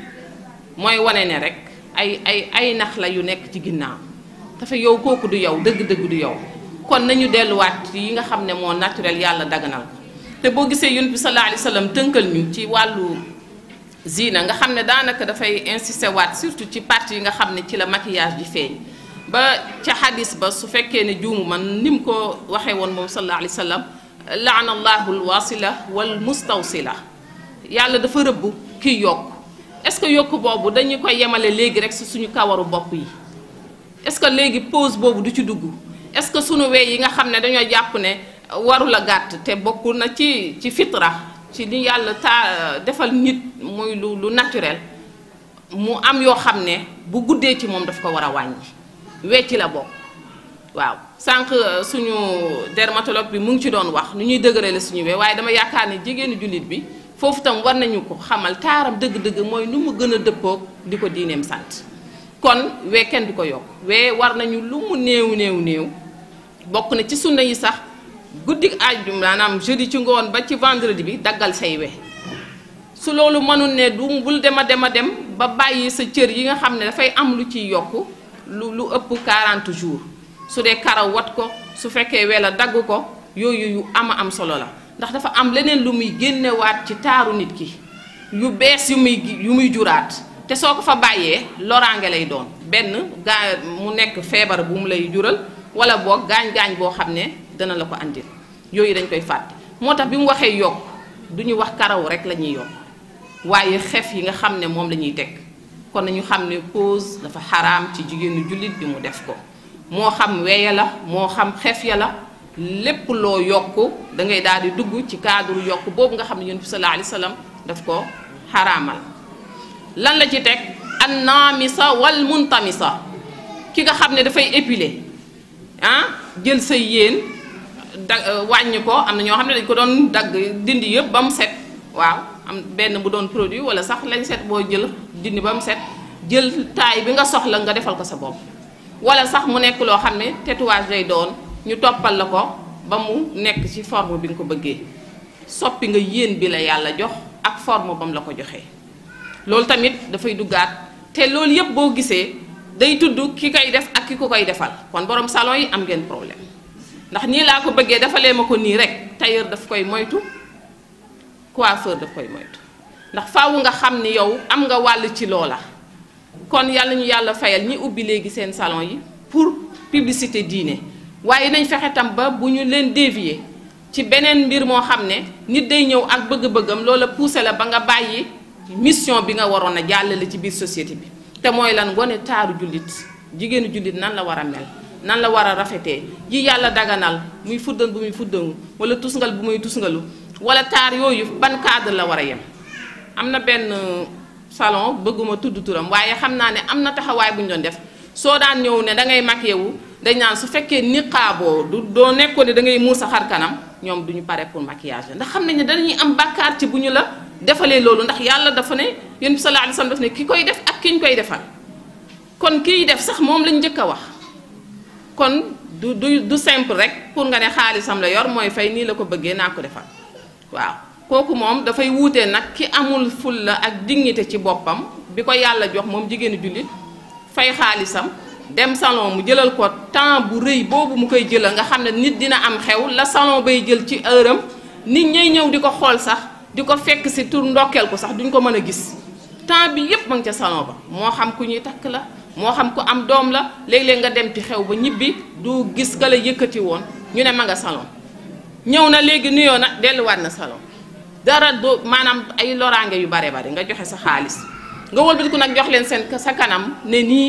moy wane ne rek ay ay ay nax la yu nek ci ginnaaw dafa yow koku du yow deug deug du yow kon nañu wat yi nga xamne mo naturel yàlla daganal te bo gisee yunus bi sallallahu alayhi wasallam teunkel ñu ci walu zina nga xam ne da fay insister wat surtout ci partie yi nga xamne ci la maquillage di feñ ba ci hadith ba su fekke ne juumu man nim ko waxe won mom sallallahu alayhi wasallam la'na allahul wasila wal mustawsila yàlla dafa rëbb ki yok est-ce que yokk boobu dañu koy yemale léegi rek si suñu kawaru bopp yi est-ce que léegi pause boobu du ci dugg est-ce que suñu wey yi nga xam ne dañoo jàpp ne warul a gàtt te bokkul na ci ci fitra ci li yàlla taa defal nit muy lu lu naturel mu am yoo xam ne bu guddee ci moom daf ko war a wàññi wecc ci la bokk waaw sànq euh, suñu dermatologue bi mu ngi ci doon wax nu ñuy dëgërale suñu wee waaye dama yaakaar ne jigéenu jullit bi foofu tam war nañu ko xamal taaram dëgg-dëgg mooy nu mu gën a dëppoog di ko diineem sant kon wee kenn du ko yokk we war nañu lu mu néew néew néew bokk na ci sunna yi sax guddi aaju maanaam jeudi ci ngoon ba ci vendredi bi daggal say we su loolu mënul ne du bul dem a dem a dem ba bàyyi sa cër yi nga xam ne dafay am lu ciy yokk lu lu ëpp 40 jours su dee karaw wat ko su fekkee we la dagg ko yooyu yu ama am solo la ndax dafa am leneen lu muy génnewaat ci taaru nit ki yu bees yu muy yu muy juraat te soo ko fa bàyyee loraange lay doon benn gaa mu nekk feebar bu mu lay jural wala boog gaañ-gaañ boo xam ne dana la ko andil yooyu dañ koy fàtte moo tax bi mu waxee yokk du wax karaw rek la ñuy yokk waaye xef yi nga xam ne moom lañuy teg kon nañu xam ne pause dafa xaraam ci jigéenu jullit bi mu def ko moo xam weya la moo xam xef ya la lépp loo yokk da ngay daal di dugg ci cadre yokk boobu nga xam ne yonent bi sallallahu alayhi wa sallam daf ko xaraamal lan la ci teg an naamisa wal muntamisa ki nga xam ne dafay épiler ah jël sa yéen da wàññi ko am na ñoo xam ne dañ ko doon dagg dindi yëpp ba mu set waaw am benn bu doon produit wala sax lañ set boo jël dindi ba mu set jël taay bi nga soxla nga defal ko sa bopp wala sax mu nekk loo xam ne tatouage lay doon ñu toppal la ko ba mu nekk ci form bi nga ko bëggee soppi nga yéen bi la yàlla jox ak forme ba mu la ko joxee loolu tamit dafay duggaat te loolu yëpp boo gisee day tudd ki koy def ak ki ko koy defal kon borom salon yi am ngeen problème ndax nii laa ko bëggee defalee ma ko nii rek tailleur dafa koy moytu quoi coiffeur daf koy moytu ndax faaw nga xam ni yow am nga wàll ci loola kon yàlla ñu yàlla fayal ñi ubbi léegi seen salon yi pour publicité diine waaye nañ fexe tam ba bu ñu leen dévier ci beneen mbir moo xam ne nit day ñëw ak bëgg-bëggam loola poussé la ba nga bàyyi mission bi nga waroon a jàllale ci biir société bi te mooy lan ngone taaru jullit jigéenu jullit nan la war a mel nan la war a rafetee yi yàlla daganal muy fuddan bu muy fuddangu wala tusngal bu muy tusngalu wala taar yooyu ban cadre la war a yem am na benn salon bëgguma tudd turam waaye xam naa ne am na taxawaay bu ñu doon def soo daan ñëw ne da ngay maquillé wu dañ naan su fekkee niqaaboo du doo nekkoon ne da ngay muur sa kanam ñoom du ñu pare pour maquillage la ndax xam nañ ne dañuy am bàkkaar ci bu ñu la defalee loolu ndax yàlla dafa ne yéen bi sallallahu alayhi ne ki koy def ak ki ñu koy defal kon kiy def sax moom lañ njëkk a wax kon du du du simple rek pour nga ne xaalisam la yor mooy fay nii la ko bëggee naa ko defal waaw kooku moom dafay wuutee nag ki amul fulla ak dignité ci boppam bi ko yàlla jox moom jigéenu jullit fay xaalisam dem salon mu jëlal ko temps bu rëy boobu mu koy jëlal nga xam ne nit dina am xew la salon bay jël ci heure am nit ñay ñëw di ko xool sax di ko fekk si tur ndokkeel ko sax duñ ko mën a gis temps bi yépp ma ngi ca salon ba moo xam ku ñuy takk la moo xam ku am doom la léeg-léeg nga dem ci xew ba ñibbi du gis ka la yëkkati woon ñu ne ma nga salon ñëw na léegi nuyoo nag delluwaat na salon dara do maanaam ay loraange yu bare bare nga joxe sa xaalis nga wëlbatiku nag jox leen seen sa kanam ne nii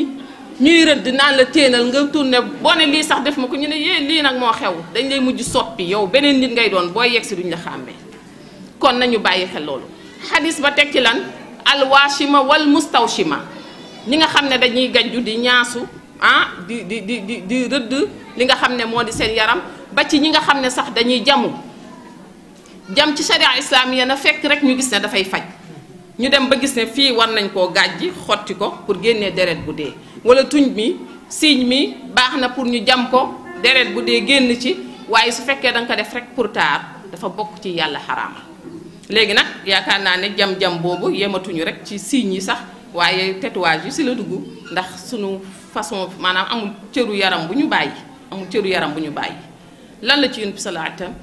ñuy rëdd naan la téenal nga tourné boo ne lii sax def ma ko ñu ne yee lii nag moo xew dañ lay mujj soppi yow beneen nit ngay doon boo yegg si duñ la xàmmee kon nañu bàyyi xel loolu xadis ba teg ci lan alwaashima wal mustawshima ñi nga xam ne dañuy gajju di ñaasu ah di di di di di rëdd li nga xam ne moo di seen yaram ba ci ñi nga xam ne sax dañuy jamu jam ci sharia islaamiya na fekk rek ñu gis ne dafay faj ñu dem ba gis ne fii war nañ koo gàjji xotti ko pour génnee deret bu dee wala tuñ mi siiñ mi baax na pour ñu jam ko deret bu dee génn ci waaye su fekkee danga ko def rek pour taar dafa bokk ci yàlla xaraama léegi nag yaakaar naa ne jam-jam boobu yematuñu rek ci siiñ yi sax waaye tatouage yi si la dugg ndax suñu façon maanaam amul cëru yaram bu ñu bàyyi amul cëru yaram bu ñu bàyyi lan la ci yun bi salaa tam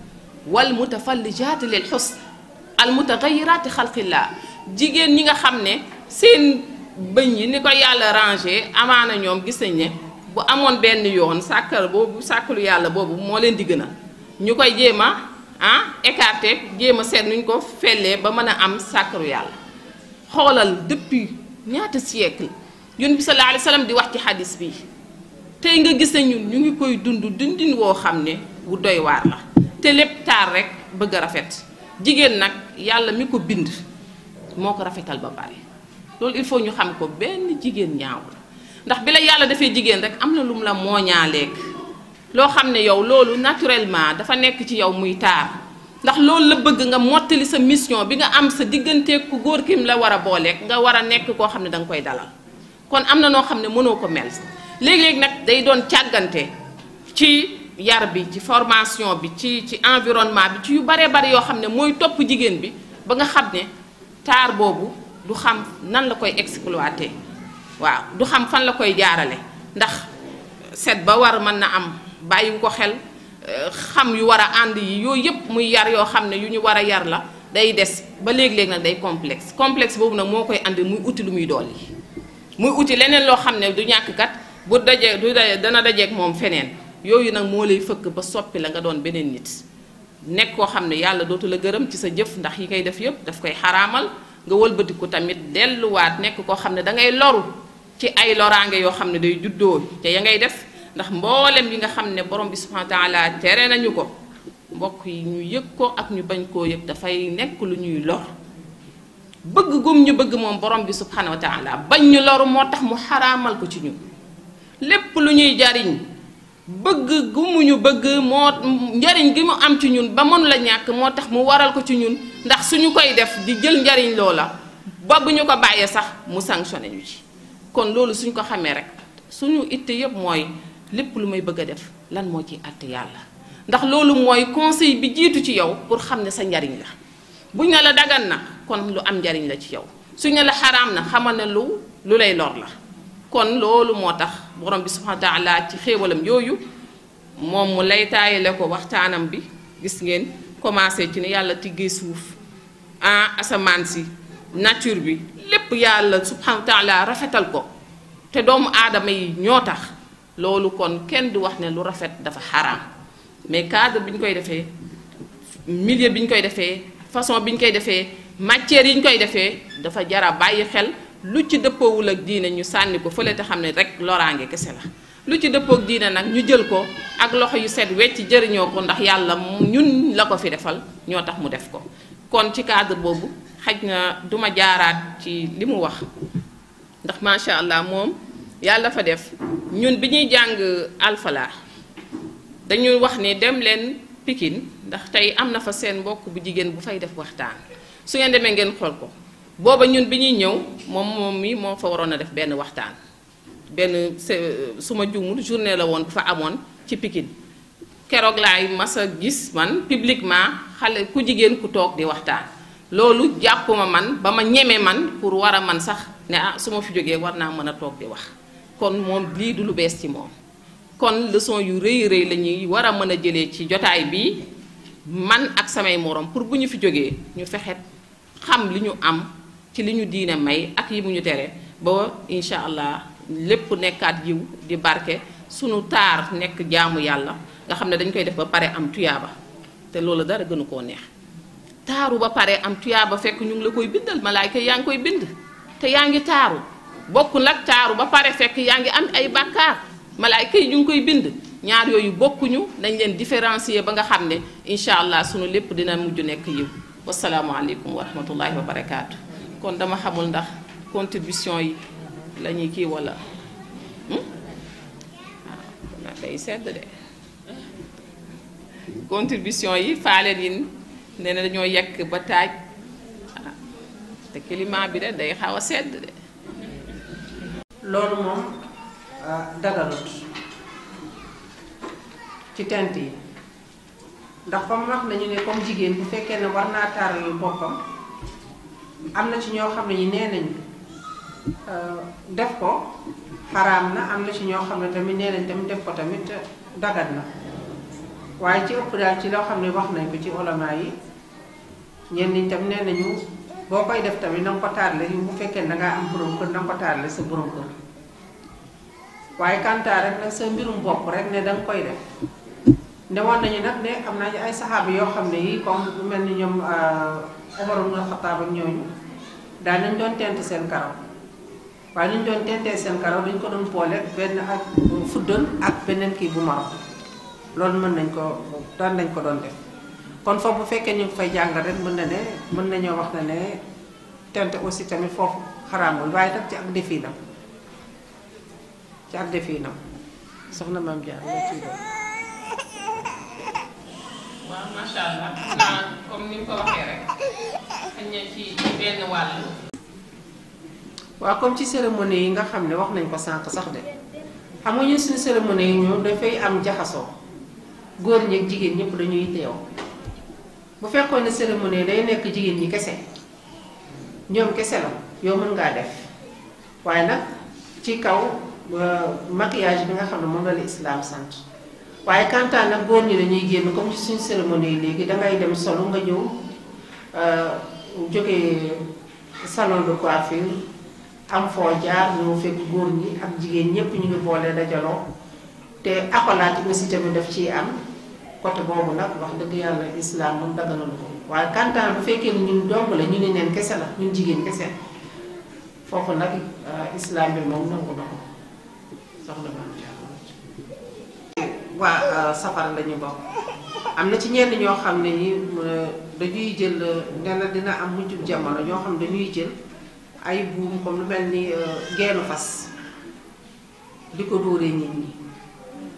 wal mutafallijaati lil xusn al mutaxayiraati xalqillaa jigéen ñi nga xam ne seen bëñ yi ni ko yàlla rangé amaana ñoom gis nañ ne bu amoon benn yoon sàkkar boobu sàkkalu yàlla boobu moo leen di gën a ñu koy jéem a ah écarté jéem a seet nuñ ko fellee ba mën a am sàkkaru yàlla xoolal depuis ñaata siècle yun bi sallallahu alayhi wasallam di wax ci xadis bi tey nga gis ne ñun ñu ngi koy dund dundin woo xam ne wu doy waar la te lépp taar rek bëgg a rafet jigéen nag yàlla mi ko bind moo ko rafetal ba pare loolu il faut ñu xam ko benn jigéen ñaawul ndax bi la yàlla defee jigéen rek am na lum la mooñaaleeg loo xam ne yow loolu naturellement dafa nekk ci yow muy taar ndax loolu la bëgg nga mottali sa mission bi nga am sa digganteeg ku góor kim la war a booleek nga war a nekk koo xam ne da nga koy dalal kon am na noo xam ne mënoo ko mel léeg-léeg nag day doon càggante ci yar bi ci formation bi ci ci environnement bi ci yu baree bari yoo xam ne mooy topp jigéen bi ba nga xam ne taar boobu du xam nan la koy exploité waaw du xam fan la koy jaarale ndax set ba war mën na am bàyyi ko xel euh, xam yu war a ànd yi yooyu yëpp muy yar yoo xam ne yu ñu war a yar la day des ba léeg-léeg nag day complexe complexe boobu nag moo koy andi muy uti lu muy dool yi muy uti leneen loo xam ne du ñàkk kat bu dajee du dana dajeeg moom feneen yooyu nag moo lay fëkk ba soppi la nga doon beneen nit nekk koo xam ne yàlla dootu la gërëm ci sa jëf ndax yi ngay def yépp daf koy xaraamal nga wëlbatiku tamit delluwaat nekk koo xam ne da ngay loru ci ay loraange yoo xam ne day juddoo te ya ngay def ndax mboolem yi nga xam ne borom bi subhanahu wa taala tere nañu ko mbokk yi ñu yëg ko ak ñu bañ koo yëg dafay nekk lu ñuy lor bëgg gum ñu bëgg moom borom bi subhanahu wa taala bañ ñu loru moo tax mu xaraamal ko ci ñu lépp lu ñuy jariñ bëgg gu mu ñu bëgg moo njariñ gi mu am ci ñun ba mënu la ñàkk moo tax mu waral ko ci ñun ndax suñu koy def di jël njariñ loola ba bu ñu ko bàyyee sax mu sanctionné ñu ci kon loolu suñ ko xamee rek suñu itte yëpp mooy lépp lu may bëgg a def lan moo ciy àtte yàlla ndax loolu mooy conseil bi jiitu ci yow pour xam ne sa njariñ la bu ne la dagan na kon lu am njariñ la ci yow su ne la xaraam na xamal ne lu lu lay lor la kon loolu moo tax borom bi subhana taala ci xéewalam yooyu moom mu lay taayale ko waxtaanam bi gis ngeen commencé ci ne yàlla tigge suuf ah asamaan si nature bi lépp yàlla subhana taala rafetal ko te doomu aadama yi ñoo tax loolu kon kenn du wax ne lu rafet dafa xaraam mais cadre bi ñu koy defee milieu bi ñu koy defee façon bi ñu koy defee matière yi ñu koy defee dafa jara bàyyi xel lu ci dëppoowul ak diine ñu sànni ko fële te xam ne rek loraange kese la lu ci dëppook diine nag ñu jël ko ak loxo yu set wecc jëriñoo ko ndax yàlla ñun la ko fi defal ñoo tax mu def ko kon ci cadre boobu xaj na duma jaaraat ci li mu wax ndax macha allah moom yàlla fa def ñun bi ñuy jàng alfalaa dañuy wax ni dem leen pikin ndax tey am na fa seen mbokk bu jigéen bu fay def waxtaan su ngeen demee ngeen xool ko booba ñun bi ñuy ñëw moom moom mi moo fa waroon a def benn waxtaan benn su ma juumul journée la woon bu fa amoon ci pikin keroog laay mas gis man pibliquement xale ku jigéen ku toog di waxtaan loolu jàpp ma man ba ma ñeme man pour war a man sax ne ah su ma fi jógee war naa mën a toog di wax kon moom lii du lu bees ci moom kon leçon yu rëy rëy la ñuy war a mën a jëlee ci jotaay bi man ak samay morom pour bu ñu fi jógee ñu fexe xam li ñu am li ñu diine may ak yi mu ñu tere ba incha allah lépp nekkaat yiw di barke sunu taar nekk jaamu yàlla nga xam ne dañ koy def ba pare am tuyaaba te loolu dara gënu koo neex taaru ba pare am tuyaaba fekk ñu ngi la koy bindal malaayka yaa ngi koy bind te yaa ngi taaru bokk nag taaru ba pare fekk yaa ngi am ay bàkkaar malaayka yi ñu ngi koy bind ñaar yooyu bokkuñu dañ leen différencier ba nga xam ne incha allah sunu lépp dina mujj nekk yiw wasalaamualeykum wa rahmatullahi wa barakaatu. kon dama xamul ndax contribution yi lañuy kii wala waaw hmm? ah, na day sedd de contribution yi faaleen yi nee na dañoo yekk ba taaj ah, te climat bi de day xaw a sedd de loolu moom ah, daganut ci tent yi ndax comme wax nañu ne comme jigéen bu fekkee ne war naa taaral boppam am na ci ñoo xam ne ñi nee nañ euh, def ko xaraam na am na ci ñoo xam ne tamit nee nañ tamit def ko tamit dagat na waaye ci ëpp daal ci loo xam ne wax nañ ko ci olomaa yi ñenn ñi tam nee nañu boo koy def tamit na nga ko bu fekkee da am borom kër na nga ko taarle sa borom kër waaye kantaa rek nag sa mbirum bopp rek ne da koy def woon nañu nag ne am naa ci ay saxaaba yoo xam ne yi comme mel ni ñoom euh, Omar ibn Khattab ak ñooñu daal nañ doon tent seen karaw waaye ñu doon tentee seen karaw dañ ko doon boole benn ak fuddal ak beneen kii bu maro loolu mën nañ ko daan nañ ko doon def kon foofu bu fekkee ñu ngi fay jàngal rek mën na ne mën nañoo wax na ne tent aussi tamit foofu xaraamul waaye nag ci ak defiinam ci ak defiinam soxna maam Diarra la ciy doon waaw allah xanaa comme ni nga ci benn yi nga xam ne wax nañ ko sànq sax de xam nga ñun suñu cérémonie yi ñoom dafay am jaxasoo góor ñi ak jigéen ñëpp dañuy teew bu fekkoon ne yi day nekk jigéen ñi kese ñoom kese la yow mën ngaa def waaye nag ci kaw euh, maquillage bi nga xam ne moom la la islaam sant. waaye kantaan nag góor ñi dañuy génn comme ci suñu cérémonie yi léegi dangay dem solo nga ñëw euh, jógee salon de coiffure am foo jaar ñoo fekk góor ñi ak jigéen ñépp ñu ngi boole dajaloo te akolaati aussi mu def ciy am côté boobu nag wax dëgg yàlla islam moom daganalu ko waaye kantaan bu fekkee ni ñun dong la ñu ne neen kese la ñun jigéen kese foofu nag euh, islam bi moom nangu na ko soxna waa euh, safara lañu bokk am na ci ñenn ñoo xam ne ñi dañuy jël nee na dina am mujjub jamono ñoo xam dañuy jël ay buum comme lu mel ni euh, geenu fas di ko dóoree nit ñi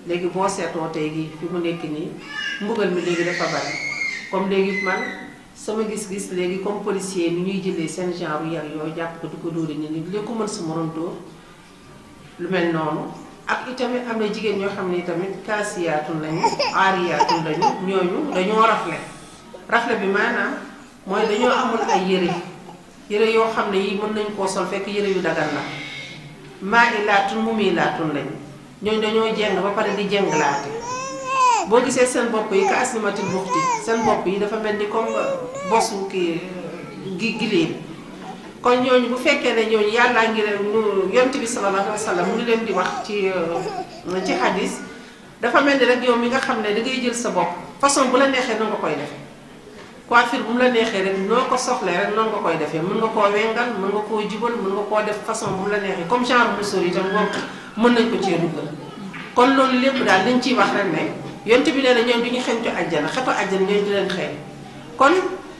léegi boo seetoo tey gi fi mu nekk nii mbugal mi léegi dafa bari comme léegi man sama gis-gis léegi comme policier ni ñuy jëlee seen genre yar yooyu jàpp ko di ko nit ñi léegi ko mën su morom lu mel ak itamit am na jigéen ñoo xam ne tamit kaasiyaatul lañu aariyaatul lañu ñooñu dañoo rafle rafle bi maanaam mooy dañoo amul ay yére yére yoo xam ne yi mën nañ koo sol fekk yére yu dagan la maa laa mumilaatun lañu ñooñu dañoo jeng ba pare di jenglaate boo gisee seen bopp yi ka asnimatil buxti seen bopp yi dafa mel ni comme bosu kii gi giléem kon ñooñu bu fekkee ne ñooñu yàllaa ngi leen yont bi sallallahu alayhi wa sallam mu ngi leen di wax ci euh, ci hadis dafa mel ni rek yow mi nga xam ne da ngay jël sa bopp façon bu la neexee noonu nga koy defee coiffure bu mu la neexee rek noo ko soxlee rek noonu nga koy defee mën nga koo wengal mën nga koo jubal mën nga koo def façon bu mu la neexee comme genre musóor itam moom mën nañ ko cee dugal kon loolu lépp daal liñ ciy wax rek ne yont bi nee na ñoom du ñu xentu àjjana xetu àjjana ñoom du leen xeeñ kon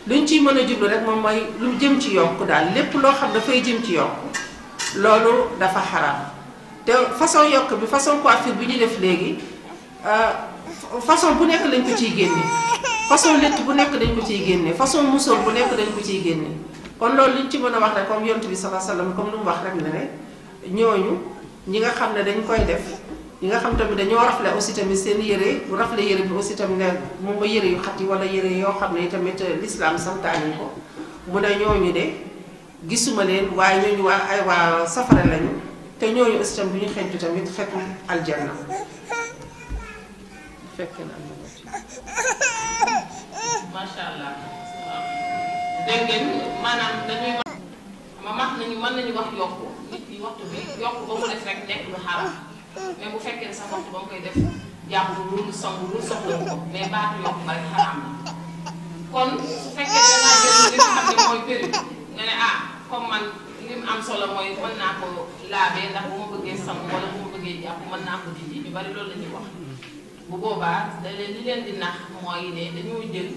luñ ciy mën a jublu rek moom mooy lu jëm ci yokk daal lépp loo xam dafay jëm ci yokk loolu dafa xaraam te façon yokk bi façon coiffure bi ñu def léegi euh, façon bu nekk lañ ko ciy génne façon létt bu nekk dañ ko ciy génne façon musóor bu nekk dañ ko ciy génne kon loolu liñ ci mën a wax rek comme yont bi sallallahu alayhi wasallam comme lu mu wax rek ne ne ñooñu ñi nga xam ne dañ koy def ñi nga xam tamit dañoo rafle aussi tamit seen yére bu rafle yére bi aussi tamit nga moom yére yu xat yi wala yére yoo xam ne tamit l'islam santaani ko mu ne ñooñu de gisuma leen waaye ñooñu waa ay waa safara lañu te ñooñu aussi tamit bu ñu xentu tamit fekk na am nañu wax yokku nit yi waxtu bi yokku ba mu des nekk lu xaar mais bu fekkee ne sa bopp ba nga koy def jàpp lu sangu lu soxla ko mais baatu yokk ba rek xaraam la kon su fekkee ne dangaa jël li mooy périm nga ne ah comme man li am solo mooy mën naa ko laabee ndax bu ma bëggee sangu wala bu ma bëggee jàpp mën naa ko dindi ñu bari loolu la ñuy wax bu boobaa da leen li leen di nax mooy ne dañoo jël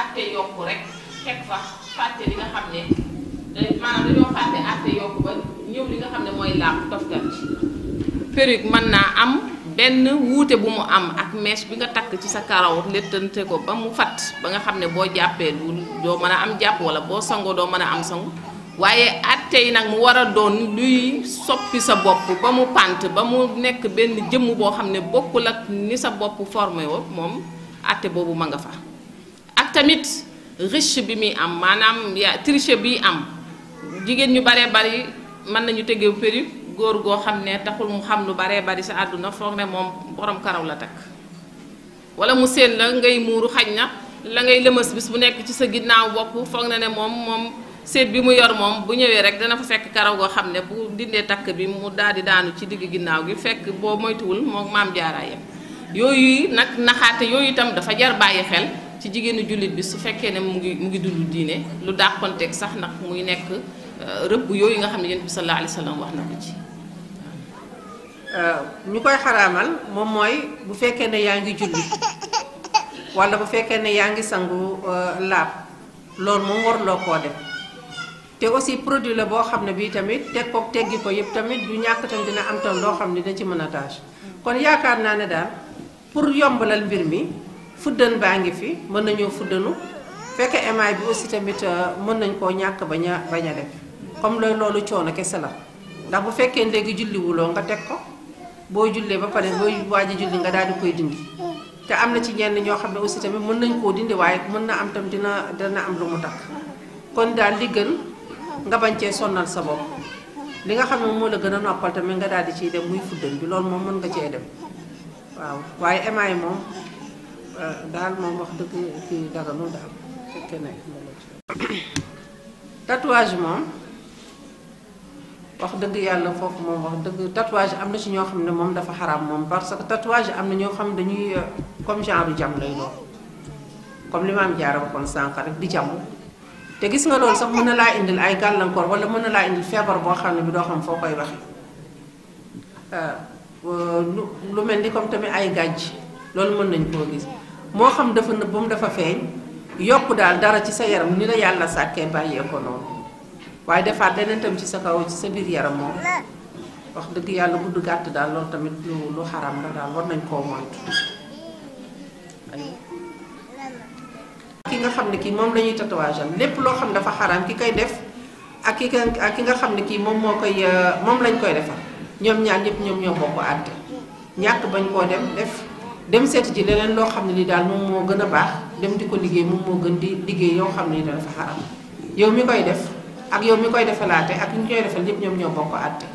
atte yokku rek teg fa fàtte li nga xam ne maanaam dañoo fàtte atte yokku ba ñëw li nga xam ne mooy laab toftal ci perruque mën naa am benn wuute bu mu am ak mèche bi nga takk ci sa karaw léttante ko ba mu fatt ba nga xam ne boo jàppee du doo mën a am jàpp wala boo sangoo doo mën a am sangu waaye atte yi nag mu war a doon luy soppi sa bopp ba mu pant ba mu nekk benn jëmm boo xam ne bokkul ak ni sa bopp formé wo moom atte boobu ma nga fa ak tamit riche bi muy am maanaam ya triche bi am jigéen ñu baree bari mën nañu tegee perruque góor goo xam ne taxul mu xam lu baree bari sa àdduna foog ne moom borom karaw la takk wala mu séen la ngay muuru xaj na la ngay lëmas bis bu nekk ci sa ginnaaw bopp foog na ne moom moom seet bi mu yor moom bu ñëwee rek dana fa fekk karaw goo xam ne bu dindee takk bi mu daldi di daanu ci digg ginnaaw gi fekk boo moytuwul moom maam jaaraayam yooyu nag naxaate yooyu itam dafa jar bàyyi xel ci jigéenu jullit bi su fekkee ne mu ngi mu ngi dund diine lu dàqonteeg sax nag muy nekk rëbb yooyu nga xamni yenenbi sallallahu alayhi wasallam wax na ko ci euh ñukoy xaraamal mom moy bu fekke ne yaangi julli wala bu fekke ne yaangi sangu sangu euh, laab mo ngor lo ko def té aussi produit la bo xam bi tamit té ko téggi ko yépp tamit du ñak tam dina am tam lo xam da ci mëna tâche kon yaakaar naa ne daal pour yombalal mbir mi fuddan baa ngi fi mën nañoo fuddanu fekke émail bi aussi tamit euh, mën nañ koo ñàkk bañ a def comme loolu loolu coono kese la ndax bu fekkee léegi julliwuloo nga teg ko boo jullee ba pare booy waaj a julli nga daal di koy dindi te am na ci ñenn ñoo xam ne aussi tamit mën nañ koo dindi waaye mën na am tam dina dina am lu mu takk kon daal li gën nga bañ cee sonnal sa bopp li nga xam ne moo la gën a noppal tamit nga daal di ciy dem muy fuddan bi loolu moom mën nga cee dem waaw waaye émaay moom euh, daal moom wax dëgg kii daganul daal fekkee moom wax dëgg yàlla foofu moom wax dëgg tatouage am na ci ñoo xam ne moom dafa xaram moom parce que tatouage am na ñoo xam dañuy euh, comme genre jam lay doon comme li maam jaara waxoon sànq rek di jàmm te gis nga loolu sax mën na laa indil ay gàllankoor wala mën na laa indil feebar boo xam ne bi doo xam foo koy waxee euh, euh, lu mel ni comme tamit ay gàjj loolu mën nañ koo gis moo xam dafa nëbb ba mu dafa feeñ yokk daal dara ci sa yaram ni la yàlla sàkkee bàyyee noonu waye defaat leneen tam ci sa kaw ci sa biir yaram moom wax dëgg yàlla gudd gàtt daal loolu tamit lu lu xaram la daal war nañ koo moytu ki nga xam ne kii moom la ñuy tatouage am lépp loo xam dafa xaram ki koy def ak ki ak ki nga xam ne kii moom moo koy euh, moom lañ koy defal ñoom ñaar ñëpp ñoom ñoo bokk àtte ñàkk bañ koo dem def dem seet ji leneen loo xam ne ni daal moom moo gën a baax dem di ko liggéey moom moo gën di liggéey yoo xam ne dafa xaram yow mi koy def ak yow mi koy defalaate ak ñu koy defal yëpp ñoom ñoo bokk àtte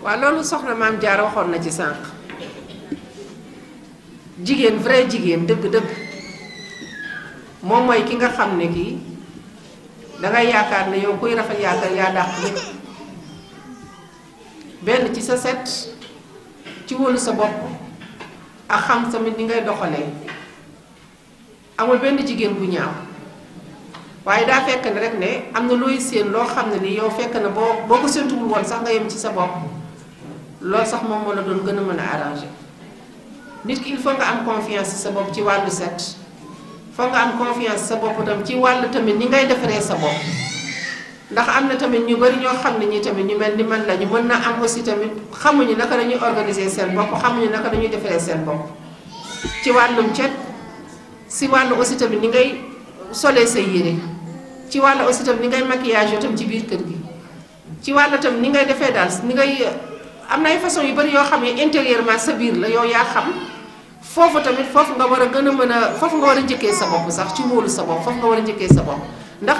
waa loolu soxna maam jaar waxoon na ci sànq jigéen vrai jigéen dëgg-dëgg moom mooy ki nga xam ne kii dangay yaakaar ne yow kuy rafet yaakaar yaa dàq ñépp benn ci sa set ci wóolu sa bopp ak xam tamit ni ngay doxalee amul benn jigéen bu ñaaw waaye daa fekk ne rek ne am na looy séen loo xam ne nii yow fekk na boo boo ko séentuwul woon sax nga yem ci sa bopp lool sax moom moo la doon gën a mën a arrangé nit ki il faut nga am confiance ci wàllu set foog nga am confiance sa tam ci wàllu tamit ni ngay defaree sa ndax am na tamit ñu bari ñoo xam ne ñi tamit ñu mel ni man lañu mën na am aussi tamit xamuñu naka dañuy organiser seen bopp xamuñu naka dañuy defaree seen bopp ci wàllum cet si wàllu aussi tamit ni ngay sole say yére ci wàll aussi tamit ni ngay maquillage yoo tam ci biir kër gi ci wàll tam ni ngay defee daal ni ngay am na ay façon yu bëri yoo xam ne intérieurement sa biir la yow yaa xam foofu tamit foofu nga war a gën a mën a foofu nga war a njëkkee sa bopp sax ci wóolu sa bopp foofu nga war a njëkkee sa bopp ndax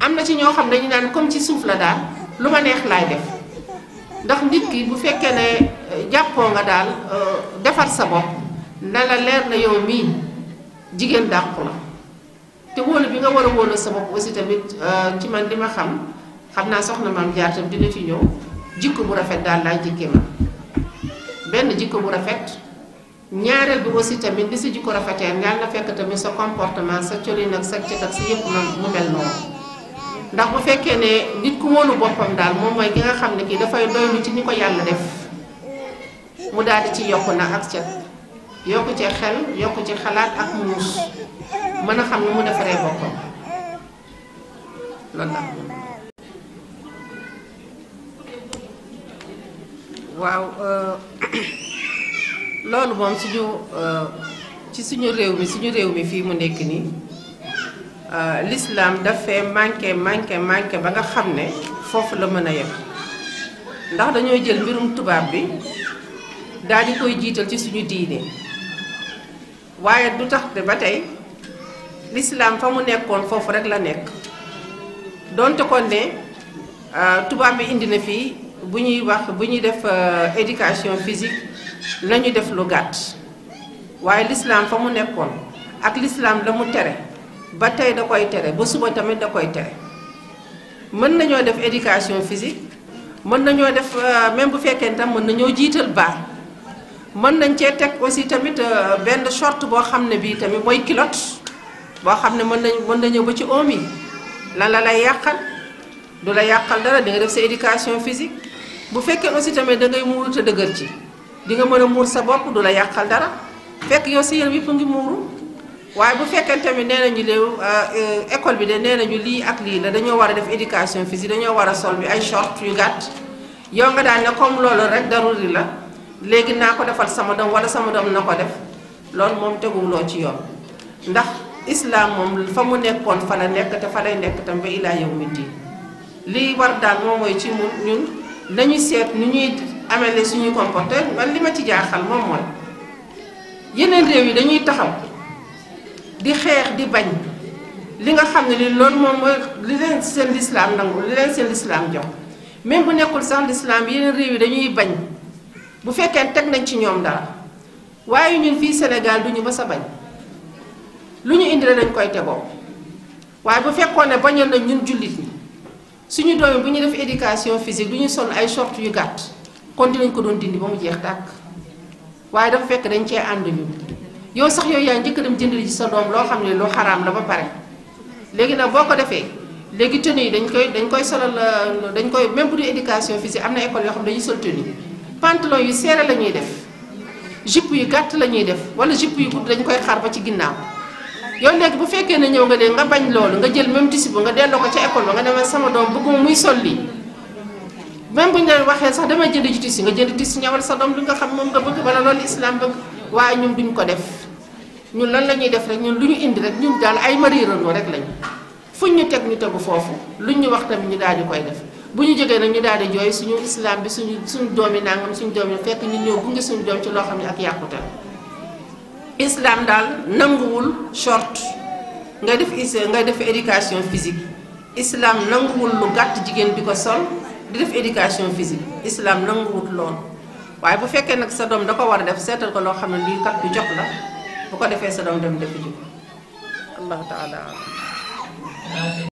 am na ci ñoo xam dañu naan comme ci suuf la daal lu ma neex laay def ndax nit bu fekkee ne jàppoo nga daal euh, defar sa bopp leer na yow mii jigéen dàqu la te wóolu bi nga war a wóolu sa bopp aussi tamit euh, ci man di ma xam xam naa soxna maam jaar tam dina ci ñëw jikko bu rafet daal laay jikkee ma benn jikko bu rafet ñaareel bi aussi tamit ni sa jikko rafetee yàlla na fekk tamit sa comportement sa colin ak sa cet ak sa yëpp na mu mel noonu ndax bu fekkee ne nit ku wóolu boppam daal moom mooy ki nga xam ne kii dafay doylu ci ni ko yàlla def mu daal di ci yokk na ak cet yokk ci xel yokku ci xalaat ak muus mën a xam lu mu defaree boppam loolu tax waaw euh, loolu moom suñu euh, ci suñu réew mi suñu réew mi fii mu nekk nii euh, l'islam dafee manqué manqué manqué ba nga xam ne foofu la mën a yem ndax dañoo jël mbirum tubaab bi daal di koy jiital ci suñu diine waaye du tax de ba tey lislaam fa mu nekkoon foofu rek la nekk donte kon ne euh, tubaab bi indi na fii bu ñuy wax bu ñuy def euh, éducation physique nañu def lu gàtt waaye l'islam fa mu nekkoon ak l'islam la mu tere ba tey da koy tere ba suba tamit da koy tere mën nañoo def éducation physique mën nañoo def euh, même bu fekkee tam mën nañoo jiital baax mën nañ cee teg aussi tamit euh, benn short boo xam ne bii tamit mooy kilot boo xam ne mën nañu mën na ñëw ba ci oom yi lan la lay yàqal du la yàqal dara di def sa éducation physique bu fekkee aussi tamit da ngay muuru te dëgër ci di nga mën a muur sa bopp du la yàqal dara fekk yow si yéen yëpp ngi muuru waaye bu fekkee tamit nee nañu léew ecole euh, bi de nee nañu lii ak lii la dañoo war a def éducation physique dañoo war a sol bi ay short yu gàtt yow nga daan ne comme loolu rek daruri la léegi naa ko defal sama doom wala sama doom na ko def loolu moom teguloo ci yoon ndax islam moom fa mu nekkoon fa la nekk te fa lay nekk tam ba ilaa yawmi diin li war daal moom mooy ci mun ñun nañu seet ni ñuy amele suñuy comporté man li ma ci jaaxal moom mooy yeneen réew yi dañuy taxaw di xeex di bañ li nga xam ne li loolu moom mooy li leen seen lislaam nangu li leen seen lislaam jox même bu nekkul sax lislaam yeneen réew yi dañuy bañ bu fekkee teg nañ ci ñoom dara waaye ñun fii Sénégal duñu mës a bañ lu ñu indi dañ koy tegoo waaye bu fekkoon ne bañoon nañ ñun jullit ñi suñu doom yi bu ñu def éducation physique du ñu sol ay short yu gàtt kon dinañ ko doon dindi ba mu jeex tàkk waaye dafa fekk dañ cee ànd ñu yow sax yow yaa njëkk dem jënd ji sa doom loo xam ne lu xaraam la ba pare léegi nag boo ko defee léegi tenue yi dañ koy dañ koy solal dañ koy même bu du éducation am na école yoo xam dañuy sol tenue pantalon yu seere la ñuy def jupe yu gàtt la ñuy def wala jupe yu gudd dañ koy xar ba ci ginnaaw yow léegi bu fekkee ne ñëw nga de nga bañ loolu nga jël même tissu bu nga delloo ko ca école ba nga demee sama doom bëgguma muy sol lii même bu ñu leen waxee sax damay jënd ji tissu nga jënd tissu ñawal sa doom li nga xam moom nga bëgg wala loolu islam bëgg waaye ñun duñ ko def ñun lan la ñuy def rek ñun lu ñu indi rek ñun daal ay mariiranoo rek lañu fuñ ñu teg ñu tegu foofu luñ ñu wax tamit ñu daal di koy bu ñu jógee nag ñu daal di jooy suñu islam bi suñu suñu doom yi nangam suñu doom yi fekk ñu ñëw gunge suñu doom ci loo xam ne ak yàqute islam daal nanguwul short nga def is nga def éducation physique islam nanguwul lu gàtt jigéen di ko sol di def éducation physique islam nanguwul loolu waaye bu fekkee nag sa doom da ko war a def seetal ko loo xam ne lii kat bu jox la bu ko defee sa doom dem def ji